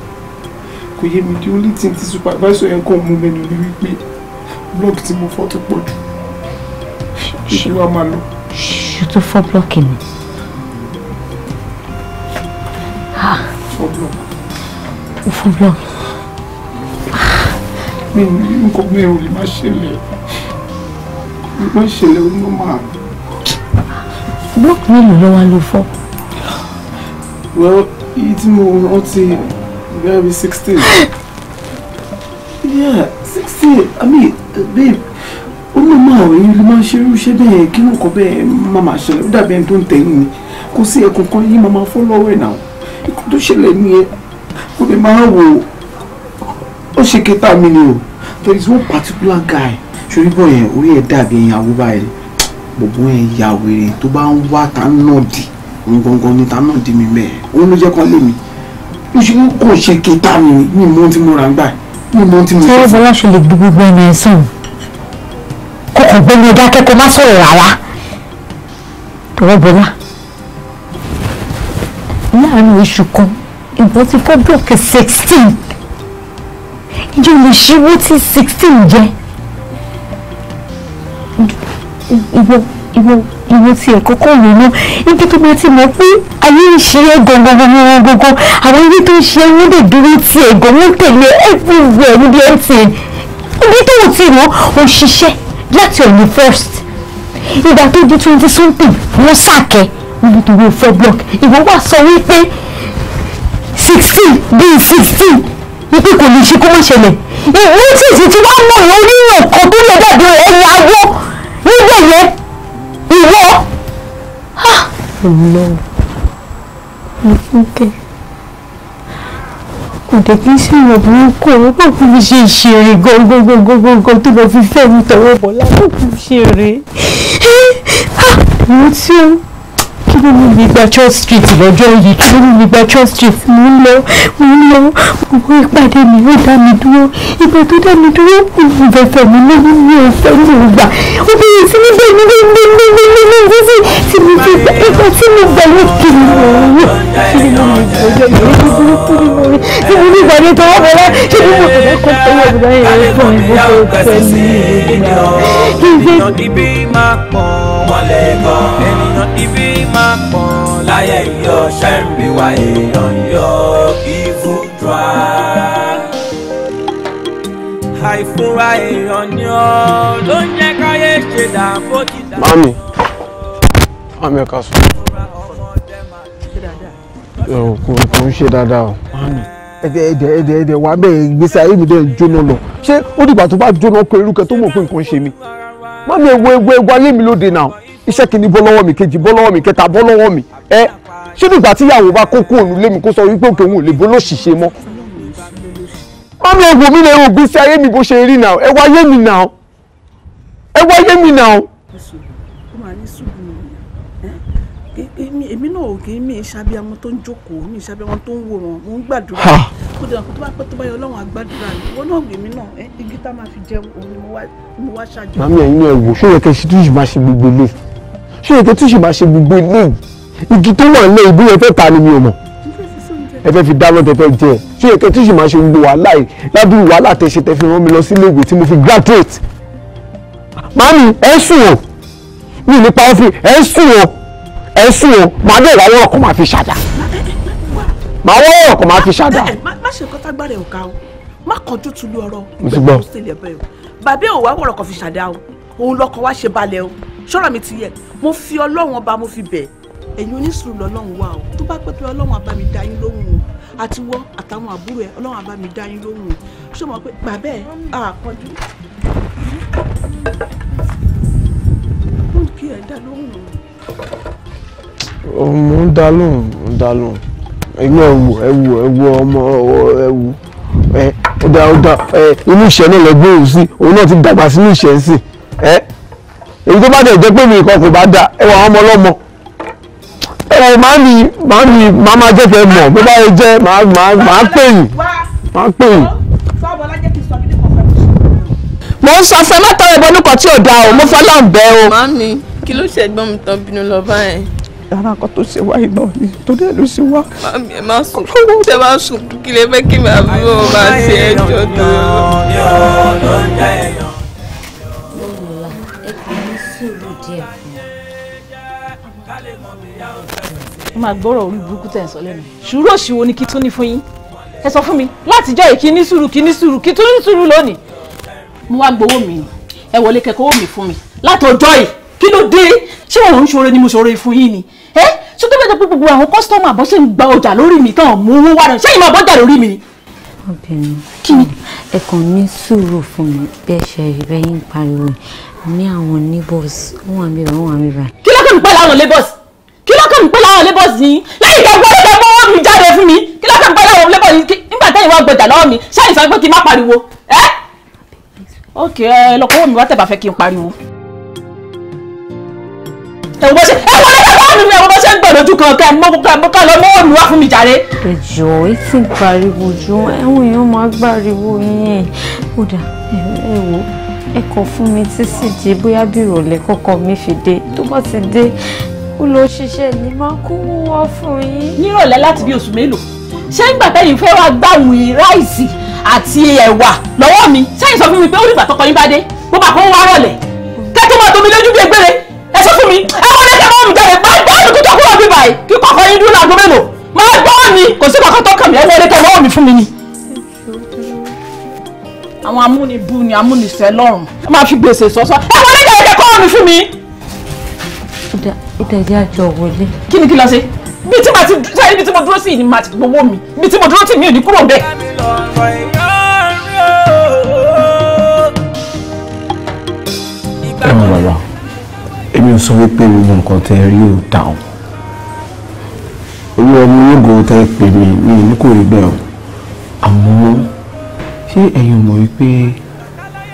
Speaker 3: kò yé mi the only thing ti supervisor yẹn kàn mú mẹ́nu ni wípé block tí mo fọ́ ti pọ̀ jù ṣé wàá máa lọ.
Speaker 5: ṣé tó fọ́ block ni.
Speaker 3: Ah. fọ́ block. fọ́ block. mi ò ní nǹkan mi ò lè má ṣẹlẹ̀ má ṣẹlẹ̀ ó ní ó máa dùn
Speaker 1: blọọkì mélòó ló ló fọ́.
Speaker 3: well èyí tí mo rántí bẹ́ẹ̀ bí sixteen yeah sixteen i mean babe ó mọ̀ mọ́ àwọn èèyàn ló máa ń ṣerú iṣẹ́ bẹ́ẹ̀ kí nǹkan bẹ́ẹ̀ má máa ṣẹlẹ̀ ó dàbí ẹni tó ń tẹ̀yìn ni kò sí ẹkùn kan yìí máa máa fọ́ lọ́wọ́ ẹ̀ náà ikú tó ṣẹlẹ̀ nìyẹn ó lè máa wò ó ṣe kẹta mi ni o there is one particular guy ṣorí bọ̀ yẹn orí ẹ̀ dàbí ẹ̀yìn àwòbá yẹn bọ̀bọ̀ yẹn ya wèrè tó bá ń wá ta náà dì ń gangan ni ta náà dì mí mẹ́ẹ̀ òun ló jẹ́ kán lé mi oṣù
Speaker 1: kò ṣe kẹta mi ní ìmọ̀ tí mo rà ń gbà ní ìmọ̀ tí mo ṣe. sọ́wọ́ ṣe lè gbé gbogbo ẹni ẹ̀ sàn kókò gbẹ́ni ẹ̀dá kẹ́kọ̀ọ́ má sọ̀rọ̀ rárá tọwọ́ bọ́lá láàárín oṣù kan ìbọn ti fọ́ búlọ̀kì sixteen ìjọba ìṣirò ti sixteen jẹ́. ìwọ ìwọ ìwọ ti ẹ̀ kọ́kọ́ rè náà ibi tó bá ti mọ̀ pé ayé ń ṣe é gangan gangan gangan àwọn ibi tó ń ṣe é wọ́n lè dúró ti ẹ̀ gan wọ́n tẹ̀lé everywhere níbi mtn ibi tó wò ti mọ̀ ò ṣiṣẹ́ láti ọ̀nà first ìgbà tó di twenty something wọ́n sàkẹ́ nítorí four block ìwọ wà sọ wípé sixteen bíi sixteen wípé kò ní ṣe kó má ṣẹlẹ̀ ìwé tí ìsìn tí wọ́n mú ìwé onírò kan tó lè dàbí ẹ̀yà wọ́ ìwọ ìwọ ọlọ ní fúnkẹ́ kò dé kí n ṣe ìwọ burúkú ọwọ pọ kò fi ṣe ìṣeré gangan tó lọ fi fẹ́ mi tọwọ́ bọ̀ lápò fi ṣeré mo ti ń ló mú mi gba church street lọ́jọ́ yìí kí ló mú church street mò ń lọ mò ń lọ owó ìpàdé mi ó dá mi dúró ìgbà tó dá mi dúró mo fẹ́ mi lóyún mi ò fẹ́ mi ò gbà ó bẹ̀rẹ̀ sí ní bẹ́ẹ̀ mi lóyún mi lóyún mi lóyún mi sí tí mo fi gbà ìgbà tí mo gbà ló kì í lọ rẹ̀ kí ni mo lè gbọ́dọ̀ yìí kí ni mo kúrò lọ rẹ̀ tí mo ní ìgbà ní tọwọ́ bọ̀ lá ṣé bí mo kọ̀ kọ́ tọwọ́ bọ̀ lá yẹn fún ìbúkọ̀ fẹ́ mi ìgbà kí n
Speaker 2: ṣe. ènìyàn ibi máa pọ̀ wọlé gan ènìyàn ibi máa pọ̀ láyé yọ ṣẹ́ǹbì wa èèyàn yọ ìfúdùá. àìfúnra èèyàn ni ọ ló ń jẹ́ káyé ṣe dààbò ti mami mami ọkà sọ.
Speaker 3: kò kò ń ṣe dáadáa o. mami ẹ̀dẹ̀ ẹ̀dẹ̀ ẹ̀dẹ̀ ẹ̀dẹ̀ wà bẹ́ẹ̀ gbèsè ayé mi dẹ̀ ń jóná lọ ṣé ó dìgbà tó bá jóná pé irú kẹ tó mọ̀ pé nǹkan ṣe mi. mami ewu ewu ewu ayé mi lóde náà iṣẹ́ kìíní bọ́ lọ́wọ́ mi kejì bọ́ lọ́wọ́ mi kẹta bọ́ lọ́wọ́ mi ẹ ṣé nígbà tí ìyàwó bá kó kó òun lé mi kó sọ wípé òkè òun ò lè bó lóṣìṣe mọ́ mami ewu mi lè rògbé sí ayé mi bó ṣe rí náà ẹ wá yé mi náà ẹ wá yé mi náà.
Speaker 4: èmi náà ò kì í mi ìṣàbíamọ tó ń jókòó mi ìṣàbíamọ tó ń wòran mo ń gbàdúrà kó dìrà kó tó bá pẹ́ tó bá yọ ọlọ́run àgbàdúrà ni wọn náà gbèmí náà igi tá a máa fi jẹun òun ni mo wá ṣàjọ. màmí ẹ̀yin
Speaker 3: náà ẹ wò ṣó yẹ kẹ́ yìí máa ṣe gbogbo ilé ṣé ètò tí ṣùgbọ́n ṣe gbogbo ilé yìí igi tó wà nílẹ̀ ìbí yẹn fẹ́ ta ni mi ò mọ̀ ẹ fẹ́ fi dáná tẹ fẹ́ jẹ ṣé ètò tí ṣùgbọ́n ṣe gbogbo wàhálà yìí lábúrò wàhálà tẹ ṣe tẹ fi rán mi lọ sí iléèwé tí mo fi graduate mami ẹ sùn o mi nípa ọ́fì ẹ sùn o
Speaker 1: ẹ sùn o màá dé ìwà wọ́ọ̀kọ̀ máa fi ṣàdá
Speaker 3: màá wọ́ọ̀kọ̀ máa fi
Speaker 1: ṣàdá.
Speaker 4: má ṣe nǹkan tágbára ẹ̀ ò ká o má kọjú tulu ọ̀rọ̀ bẹ́ẹ̀ ló ṣẹlẹ̀ bẹ́ẹ̀ o bàbá ò wá wọ̀rọ̀ kan fi ṣàdá o òun lọkọ̀ wá ṣe balẹ̀ o ṣọ́ra mi ti yẹ mo fi ọlọ́run ọba mo fi bẹ̀ ẹ̀yin onísùúrù lọ́lọ́run wà o tó bá pẹ́ pé ọlọ́run àbá mi dá yín lóhùn o àti wọ́ àtàwọn àbúrò ẹ̀ ọlọ́run àbá dá yín lóhùn o ṣé mo pé bàbá ẹ̀ àkànjú
Speaker 1: mo ń kí ẹ̀ dá lóhùn
Speaker 3: o. mo ń dá lóhùn mo ń dá lóhùn ẹ̀yin ẹ̀wù ẹ̀wù ẹ̀wù ọmọ ẹ̀wù ẹ̀ ọ̀dà ọ̀dà ẹ̀ inú ìṣẹ́ náà lọ gbé sí òun náà ti dàgbà sínú ìṣẹ́ sí ẹ̀ èyí tó bá dẹ̀ jẹ́ pé mi nǹkan kò bá dà ẹ wà ọmọ ọlọ́mọ ẹ máa mi máa mi máa máa jẹ́ kẹ́ mọ̀ bó bá yẹ jẹ́ máa máa pè yín máa pè mo ń sọ fẹ́ látọ̀rọ̀ ìbọn nìkan tí ò da o mo fọlá ń bẹ o.
Speaker 4: màámi kí ló ṣẹ̀gbọ́n mi tán bínú lọ báyẹn.
Speaker 2: ara nǹkan tó ṣe wá iná ni torí ẹ̀ ló ṣe wá. màámi ẹ máa sùn ṣe máa sùn kí lè fẹ́ kí màá bí wọn máa ṣe ẹjọ́ tó.
Speaker 4: máa gbọ́rọ̀ orí burúkú tẹ̀ ń sọ lẹ́nu sùúrù òṣìwò ni kí tún ní fún yín ẹ sọ fún mi látijọ́ yìí kí ní sùúrù kí ní sùúrù kí tún ní sùúrù lónìí mo wá gbowó mi ni ẹ wọlé kẹkọọ mi fún mi látọjọ́ yìí kí ló dé ṣé òun ṣoore ni mo ṣoore fún yín ni ẹ ṣé tó bẹ jẹ pé gbogbo àwọn kọ́sítọ́mù àbọ̀ ṣe ń gba ọjà lórí mi tán mú owó wá ṣé ìmọ̀ àbọ̀jà
Speaker 5: lórí mi ni. obìnrin kí ni ẹ kàn ní sùúrù fún mi bẹ́ẹ̀ ṣe ìbẹ́yìn pariwo ní àwọn neighbors wọ́n wà mí bá wọ́n wà kí ló ń pẹ́ láwọn neighbors kí ló kàn mí pé láwọn labours yín lẹ́yìn ìgbà gbọ́dọ̀ lè mọ owó mi jáde fún mi kí ló kàn mí pé láwọn labours
Speaker 4: yín nígbà tẹ́yìn wá gbọjà lọ́wọ́ mi ṣáà ìsọ pé kí n má pariwo ẹ́ ok ẹ lọ kọ́wọ́ mi wá tẹ̀bà fẹ́ kí n pariwo.
Speaker 1: ẹ̀wọ̀n bó ṣe ẹ̀wọ̀n lè
Speaker 4: kọ́wọ́ mi ẹ̀wọ̀n bó ṣe ń gbọ̀ lójú kan kẹ́
Speaker 5: mọ́ kọ́ kọ́ lọ mọ́wọ́ mi wá fún mi jàre. ẹjọ etí ń pariwo jọ ẹwọn èèyàn máa gbàriwo yẹn ẹ ẹ kọ fún mi títí di bóyá bí ìrọ̀lẹ́ kọ́kọ́ mi fi dé tó bá ti dé olóṣìṣẹ́ ni máa kó wọ́n fún yín. nírọ̀lẹ́ láti bí oṣù mélòó ṣé ń gbà tẹ́yìn fẹ́
Speaker 4: wá gbàwìn ráìsì àti ẹ̀wà lọ́wọ́ mi sẹ́yìn sọ fún mi pé ó dìgbà tọkọ yín bá dé bó bá kó ń wá rọ̀lẹ́ kẹ́tọ́ máa tómi lójú bí egbére ẹ sọ fún mi ẹ wọ́n lẹ́sẹ̀ máa ń bẹ̀rẹ̀ pàápàá ìlú tó kúrò bí báyìí kí kọ̀ọ̀kan yín dúró láago mélòó máa gbọ́ mi kò sí kọ̀ọ̀kan tó kàn mí ẹ wọ́n lẹ́kẹ̀ lọ́wọ́ mi fún mi ni. àwọn amúnibú ni amúnisẹ́ lọ́rùn máa fi gbèsè sọ́sọ́ ẹ wọ́n lẹ́kẹ̀ lẹ́kẹ̀ kọ́
Speaker 5: dá ìtẹ̀jẹ́ àjọ wọlé.
Speaker 4: kí ni kí lọ ṣe bí tí màá ti sáré bí tí mo dúró sí ni màá ti gbowó mi bí tí mo dúró sí mi ò
Speaker 2: ní kúrò bẹ́ẹ̀.
Speaker 3: ẹ̀wọ̀n bàbá èmi ò sọ wípé gbogbo nǹkan tẹ rí ò dà o orí ọmọ ológo tẹ pè mí mi ní kò rí bẹ́ẹ̀ o àmọ́ ṣé ẹ̀yin mọ̀ wípé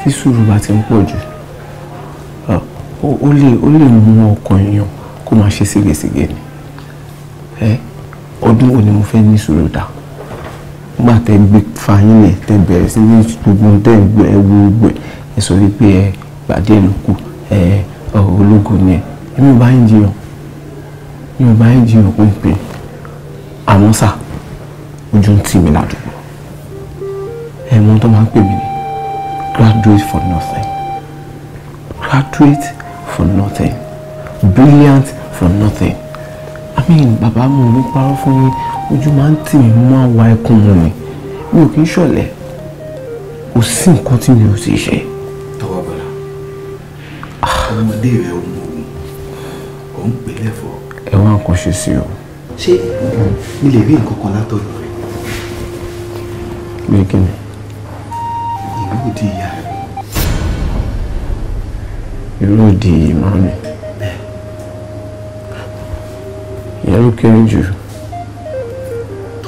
Speaker 3: tí sùúrù bá ti ń pọ̀ jù ó lè ó lè mú ọkàn èèyàn kó máa ṣe ségesège ni ẹ ọdún wo ni mo fẹ́ ní sùúrù dá nígbà tẹ gbé fàyín yẹn tẹ bẹ̀rẹ̀ sí ní gbogbo tẹ gbẹ wo gbẹ ẹ sọ wípé ẹ gbàdé ẹ ló kù ẹ ológo ni ẹ èmi ò bá ń jiyàn mi ò bá ń jiyàn kó n pè àmọ́ sà ojú ń tì mí ládùúgbò ẹ mọ tó máa ń pè mí ni graduate for nothing graduate for nothing brilliant for nothing i mean Baba, mi ò ní parọ́ fún yín ojú máa ń tì mí mú àwa ẹkún mu mi mi ò kì í ṣọ̀lẹ kò sí nǹkan tí mi ò sì ṣe. tọwọ bọlá ọmọdé rẹ ò mú òun òun pè lẹfọ. ẹ wá nǹkan ṣe sí o. ṣé mi lè rí nǹkan kan látọ̀dọ̀ rẹ. bí kí ni. ìlú òdi ìyá rẹ irú ìdí màmí ìyẹn ló kéré jù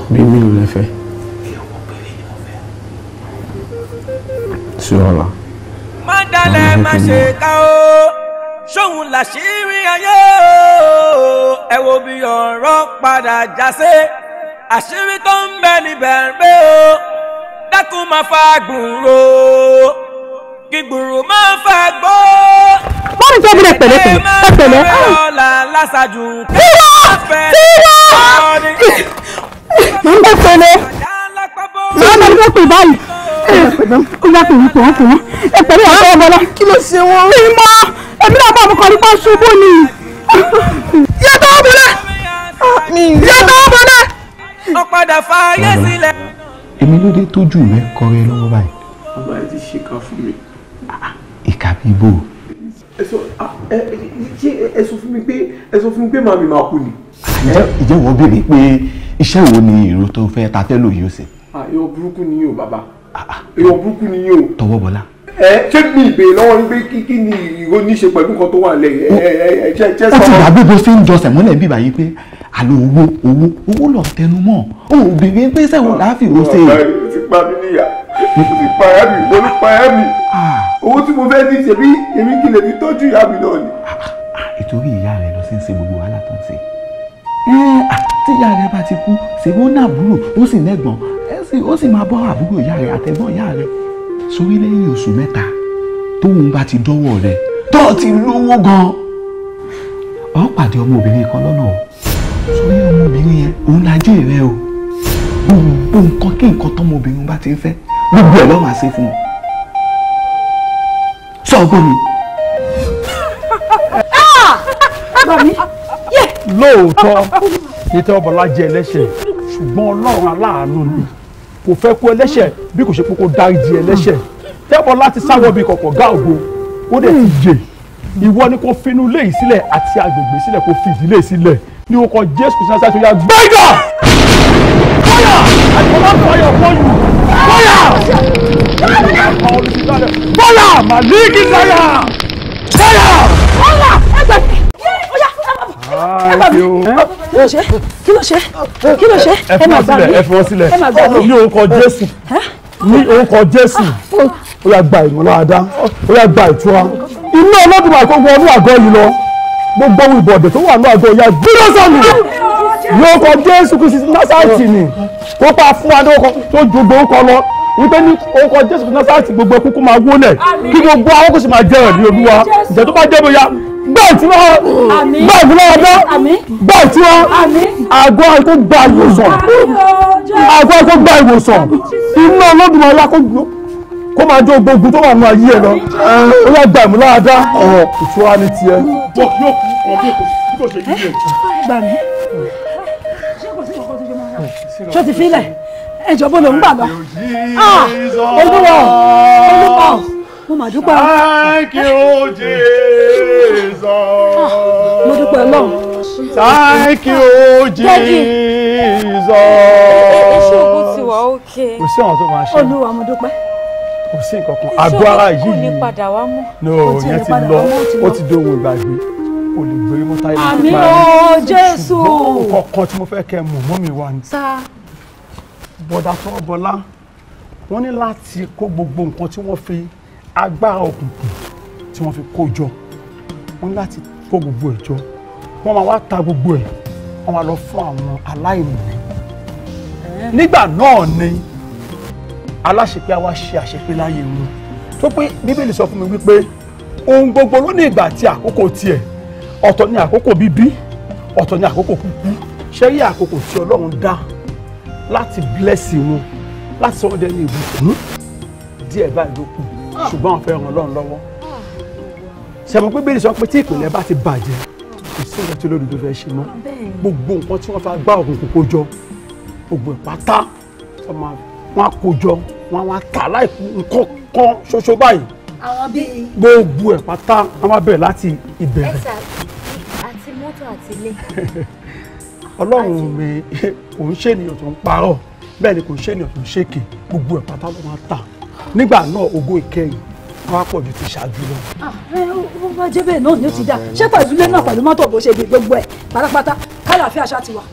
Speaker 3: bí mélòó lẹ fẹ́ sí ọ̀la.
Speaker 2: má
Speaker 1: dalẹ̀ má ṣe
Speaker 2: ká o ṣóun làṣírí ayé o ẹ wo bí ọ̀rọ̀ padà já sí àṣírí tó ń bẹ níbẹ̀ ń gbé o dákun máa fa gbùn ro kígbùrù máa ń fa gbó. wọ́n ní kí ẹ pẹ̀lẹ́ pẹ̀lẹ́ ẹ pẹ̀lẹ́. Ah. ọ̀la lásàjù
Speaker 1: kẹ́kọ̀ọ́ fẹ́ẹ́ ní. mo ń bẹ pẹ̀lẹ́ mo ń bẹ pẹ̀lẹ́ báyìí ó yá pẹ̀lú pẹ̀lú pẹ̀lú ẹ pẹ̀lú ọ̀tọ̀ ọ̀bọ̀lá.
Speaker 2: kí ló ṣe wọn. mi mọ èmi náà bá ọmọkùnrin pa ṣubú ni. yàtọ̀ ọ̀bọ̀lá. yàtọ̀ ọ̀bọ̀lá. ọ̀padà fa ayé sílẹ̀.
Speaker 3: èmi ló dé tójú mi kọrin lọ́wọ́ báyìí. ọba ẹ ti ṣèkà fún mi kàbíbò. ẹ sọ fún mi pé ẹ sọ fún mi pé màmí máa kú ni. ìjẹ́ wọ́n béèrè pé iṣẹ́ wo ni èrò tó fẹ́ ta fẹ́ lò yìí ó ṣe. èèyàn burúkú ni yóò bàbá èèyàn burúkú ni yóò. tọwọ́ bọlá. ẹ ṣé mi ìbéèrè lọ́wọ́ ni pé kí ni ìró ní í ṣe pẹ̀lú nǹkan tó wà lẹ̀ ẹ ṣe sọ. láti gbàgbé bó ṣe ń jọsẹ̀ mọ́lẹ̀ bíbá yìí pé àlọ́ owó owó owó lọ́ọ́ tẹnu mọ́ òun ò béèrè pé sẹ́wọ̀n láàfin ò ṣe. ọ̀rẹ́ ti pa mí níyà ìpa ẹ̀ mi olùpa ẹ̀ mi owó tí mo fẹ́ ní ṣèbí èmi kí lè fi tọ́jú ìyá mi náà ni. ìtorí ìyá rẹ lọ sí ń ṣe gbogbo wàhálà tó ń ṣe tí ìyá rẹ bá ti kú ṣèbí ó ní àbúrò ó sì nẹ́gbọ̀n ó sì máa bọ́ àbúrò ìyá rẹ àtẹ̀gbọ́n ìyá rẹ sórí lẹ́yìn oṣù mẹ́ta tóun bá ti dọ́wọ́ rẹ tó ti lówó gan ọ pàdé ọmọbìnrin kan lọ́nà o sórí ọmọbìnrin yẹn òun lajú ìrẹ o gbogbo nǹkan kí nǹkan tọmọbìnrin bá ti ń fẹ́ gbogbo ẹ̀ lọ́wọ́ àṣẹ fún ọ sọ ọgbọ́n mi. lóòótọ́ nítorí ọbọ̀lá jẹ ẹlẹ́ṣẹ̀ ṣùgbọ́n ọlọ́run aláàánú ni kò fẹ́ kú ẹlẹ́ṣẹ̀ bí kò ṣe pé kó dáríjì ẹlẹ́ṣẹ̀ tẹ́bọ̀ láti sáwọ́ bíi kọ̀kọ̀ gá ògo ó dẹ̀ ti jè ìwọ ni kò finú ilé yìí sílẹ̀ àti agbègbè sílẹ̀ kò fi ìdílé sílẹ̀ ní orúkọ Jésù Kristi náà ṣáṣọ yá gbẹ́gà
Speaker 1: fire àti ọlọ́pàá
Speaker 2: yọ̀ fọ́yù. Fire! Fire! Maliki Zaya! Fire! Fire! Kí
Speaker 3: ló ṣe?
Speaker 4: Kí ló ṣe? Ẹ máa gbà mí. Ẹ fọwọ́ sílẹ̀. Ẹ máa gbà mí. Ní orúkọ
Speaker 3: Jésù. Ní orúkọ Jésù. Ah, Ó yá gba ìmọ̀lá Adá. Ó yá gba ìtura. Iná ọlọ́dún àkókò ọdún àgọ́ yìí lọ. Gbogbo ìbọ̀dẹ̀ tó wà ní àgọ́ ìyá gbúdọ̀ sọ̀nù
Speaker 1: lórúkọ jésù kristi násàtì ni
Speaker 3: wọ́n pa fún wa lórúkọ tó jogbo orúkọ lọ wípé ní orúkọ jésù kristi násàtì gbogbo kúkú máa wólẹ̀ kí gbogbo àwọn kò sì máa jẹrọ ní olúwa ìjẹ tó bá jẹ bóyá bẹ́ẹ̀ tí wọ́n bẹ́ẹ̀ tí wọ́n dá bẹ́ẹ̀ tí wọ́n àgọ́ àìkó gba ìwòsàn àgọ́ àìkó gba ìwòsàn iná olódùmarè alákòó kó máa jó gbogbo tó wà nù ayé ẹ lọ ó yà gbà mí láàdá ọ̀rọ̀ ìtura ní tiẹ̀. bọ́ọ̀kì yóò kú
Speaker 4: ọ̀bí ṣó ti filẹ̀ ẹjọ́ bó ló ń gbà lọ
Speaker 1: ah, olúwa olúwa
Speaker 4: mo mà dúpẹ́ o. thank you Jesus. Ah, mo dúpẹ́ ọlọ́run. thank you
Speaker 3: Jesus. iṣẹ́ ògùn ti wà
Speaker 5: ókè. kò sí àwọn tó máa ṣe. olúwa mo dúpẹ́ kò sí nǹkan kan àgọ́ ara yìí ni no ìyẹn ti lọ ó
Speaker 3: ti dóhun ìgbàgbé kò lè gbé mọ́ táyé lọ́wọ́ àmín o jésù ṣùgbọ́n ọkọ̀ tí mo fẹ́ kẹ́ mọ̀ mọ́ mi wá ni. bọ̀dà Tọ́bọlá wọ́n ní láti kó gbogbo nǹkan tí wọ́n fi agbára òkùnkùn tí wọ́n fi kó jọ wọ́n ní láti kó gbogbo ẹ̀ jọ wọ́n máa wá ta gbogbo ẹ̀ wọ́n máa lọ fún àwọn aláìní nígbà náà ni aláṣepé àwa ṣe àṣepé láyé wọn tó pé bíbélì sọ fún mi wípé ohun gbogbo ló ní ìgbà àti àkókò tiẹ̀ ọ̀tọ̀ ni àkókò bíbí ọ̀tọ̀ ni àkókò kúkú ṣé rí àkókò tí ọlọ́run dá láti bless wọn láti sọ wọn dẹ ní ìbùkún díẹ̀ báyìí ló kù ṣùgbọ́n àwọn fẹ́ ràn ọlọ́run lọ́wọ́ ṣàmọ́ pé bẹ́ẹ̀ ni sọ pé tí ìpìlẹ̀ bá ti bàjẹ́ kò sí ìgbà tí olódodo fẹ́ ṣe mọ́ gbogbo nǹkan tí wọ́n fẹ́ gbá òkùnkùn kó jọ gbogbo ìpátá wọn kó jọ wọn wá tà láì nǹkan ṣoṣo báyìí gbogbo ìpátá wọn bẹ̀rẹ̀ láti ìbẹ̀rẹ̀ àti ilé. ọlọ́run mi kò ń ṣènìyàn tó ń parọ́ bẹ́ẹ̀ ni kò ń ṣènìyàn tó ń ṣèké gbogbo ẹ̀ pátá ló máa ta nígbà náà ògo ìkẹyìn wọn á pọ̀ ju ti ṣáájú lọ. Ah,
Speaker 4: ó bá jẹ́ bẹ́ẹ̀ náà ni ó ti dáa ṣé pẹ̀lú ilé
Speaker 3: náà pẹ̀lú mọ́tò bó ṣe di gbogbo ẹ̀
Speaker 4: pátápátá kálàáfíà ṣá ti wà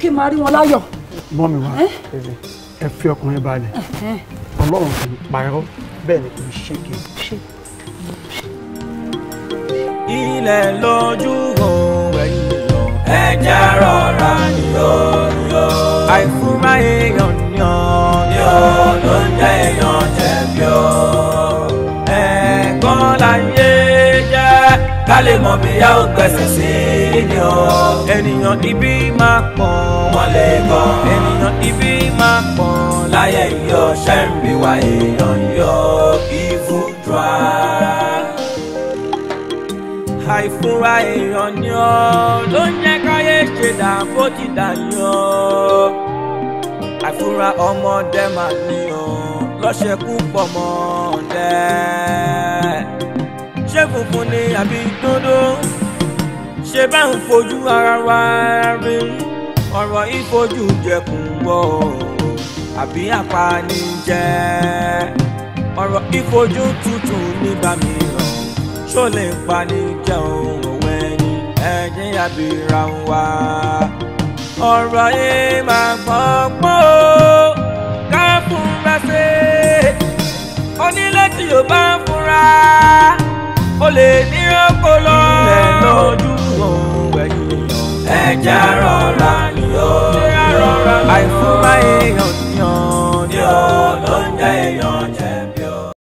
Speaker 4: kí n máa rí wọn láyọ̀.
Speaker 3: mọ́mi wa ẹ fi ọkùnrin balẹ̀ ọlọ́run kì í parọ́ bẹ́ẹ̀
Speaker 2: ni kì í ṣèké ilẹ̀ lójú òun ẹ̀yìn lọ. ẹ jẹ́ rọra yíyọ yíyọ. àìfúnmá èèyàn yàn yàn ló ń jẹ́ èèyàn jẹ̀bi ọ́. ẹ̀ẹ̀kan láyé jẹ́ ká lè mọ̀ bí a ó gbẹ̀sẹ̀ sí ni ọ́. ènìyàn ibi máa pọ̀ wọ́n lè kọ́. ènìyàn ibi máa pọ̀ láyé yíyọ ṣẹ́ńbí wa èèyàn yọ evil drive àìfúnra èèyàn ni ọ́ ló ń jẹ́ káyé ṣe dàbó ti dàyàn ọ́ àìfúnra ọmọdé mà ní ọ́ lọ́ṣẹ̀kú pọ̀ mọ́ ọ̀lẹ́ ṣé funfun ni àbí dúdú ṣe bá ń fojú ara wa rí ọ̀rọ̀ ìfojú jẹkùn bọ̀ àbí àpá ni jẹ́ ọ̀rọ̀ ìfojú tuntun nígbà mìíràn tó lè pani jẹ́ ohun ọ̀wẹ́ ni ẹ̀jẹ̀ àbíra ń wá. ọ̀rọ̀ yìí máa gbọ́ngbọ́n o ká fúnra ṣe onílé tí yóò bá ń fúnra o lè ní ọpọlọ. ilẹ̀ lójú òun ẹ̀yìn ẹ̀jẹ̀ rọra ni ó ní àìfúnra èèyàn ni ó ló ń jẹ́ èèyàn jẹ́.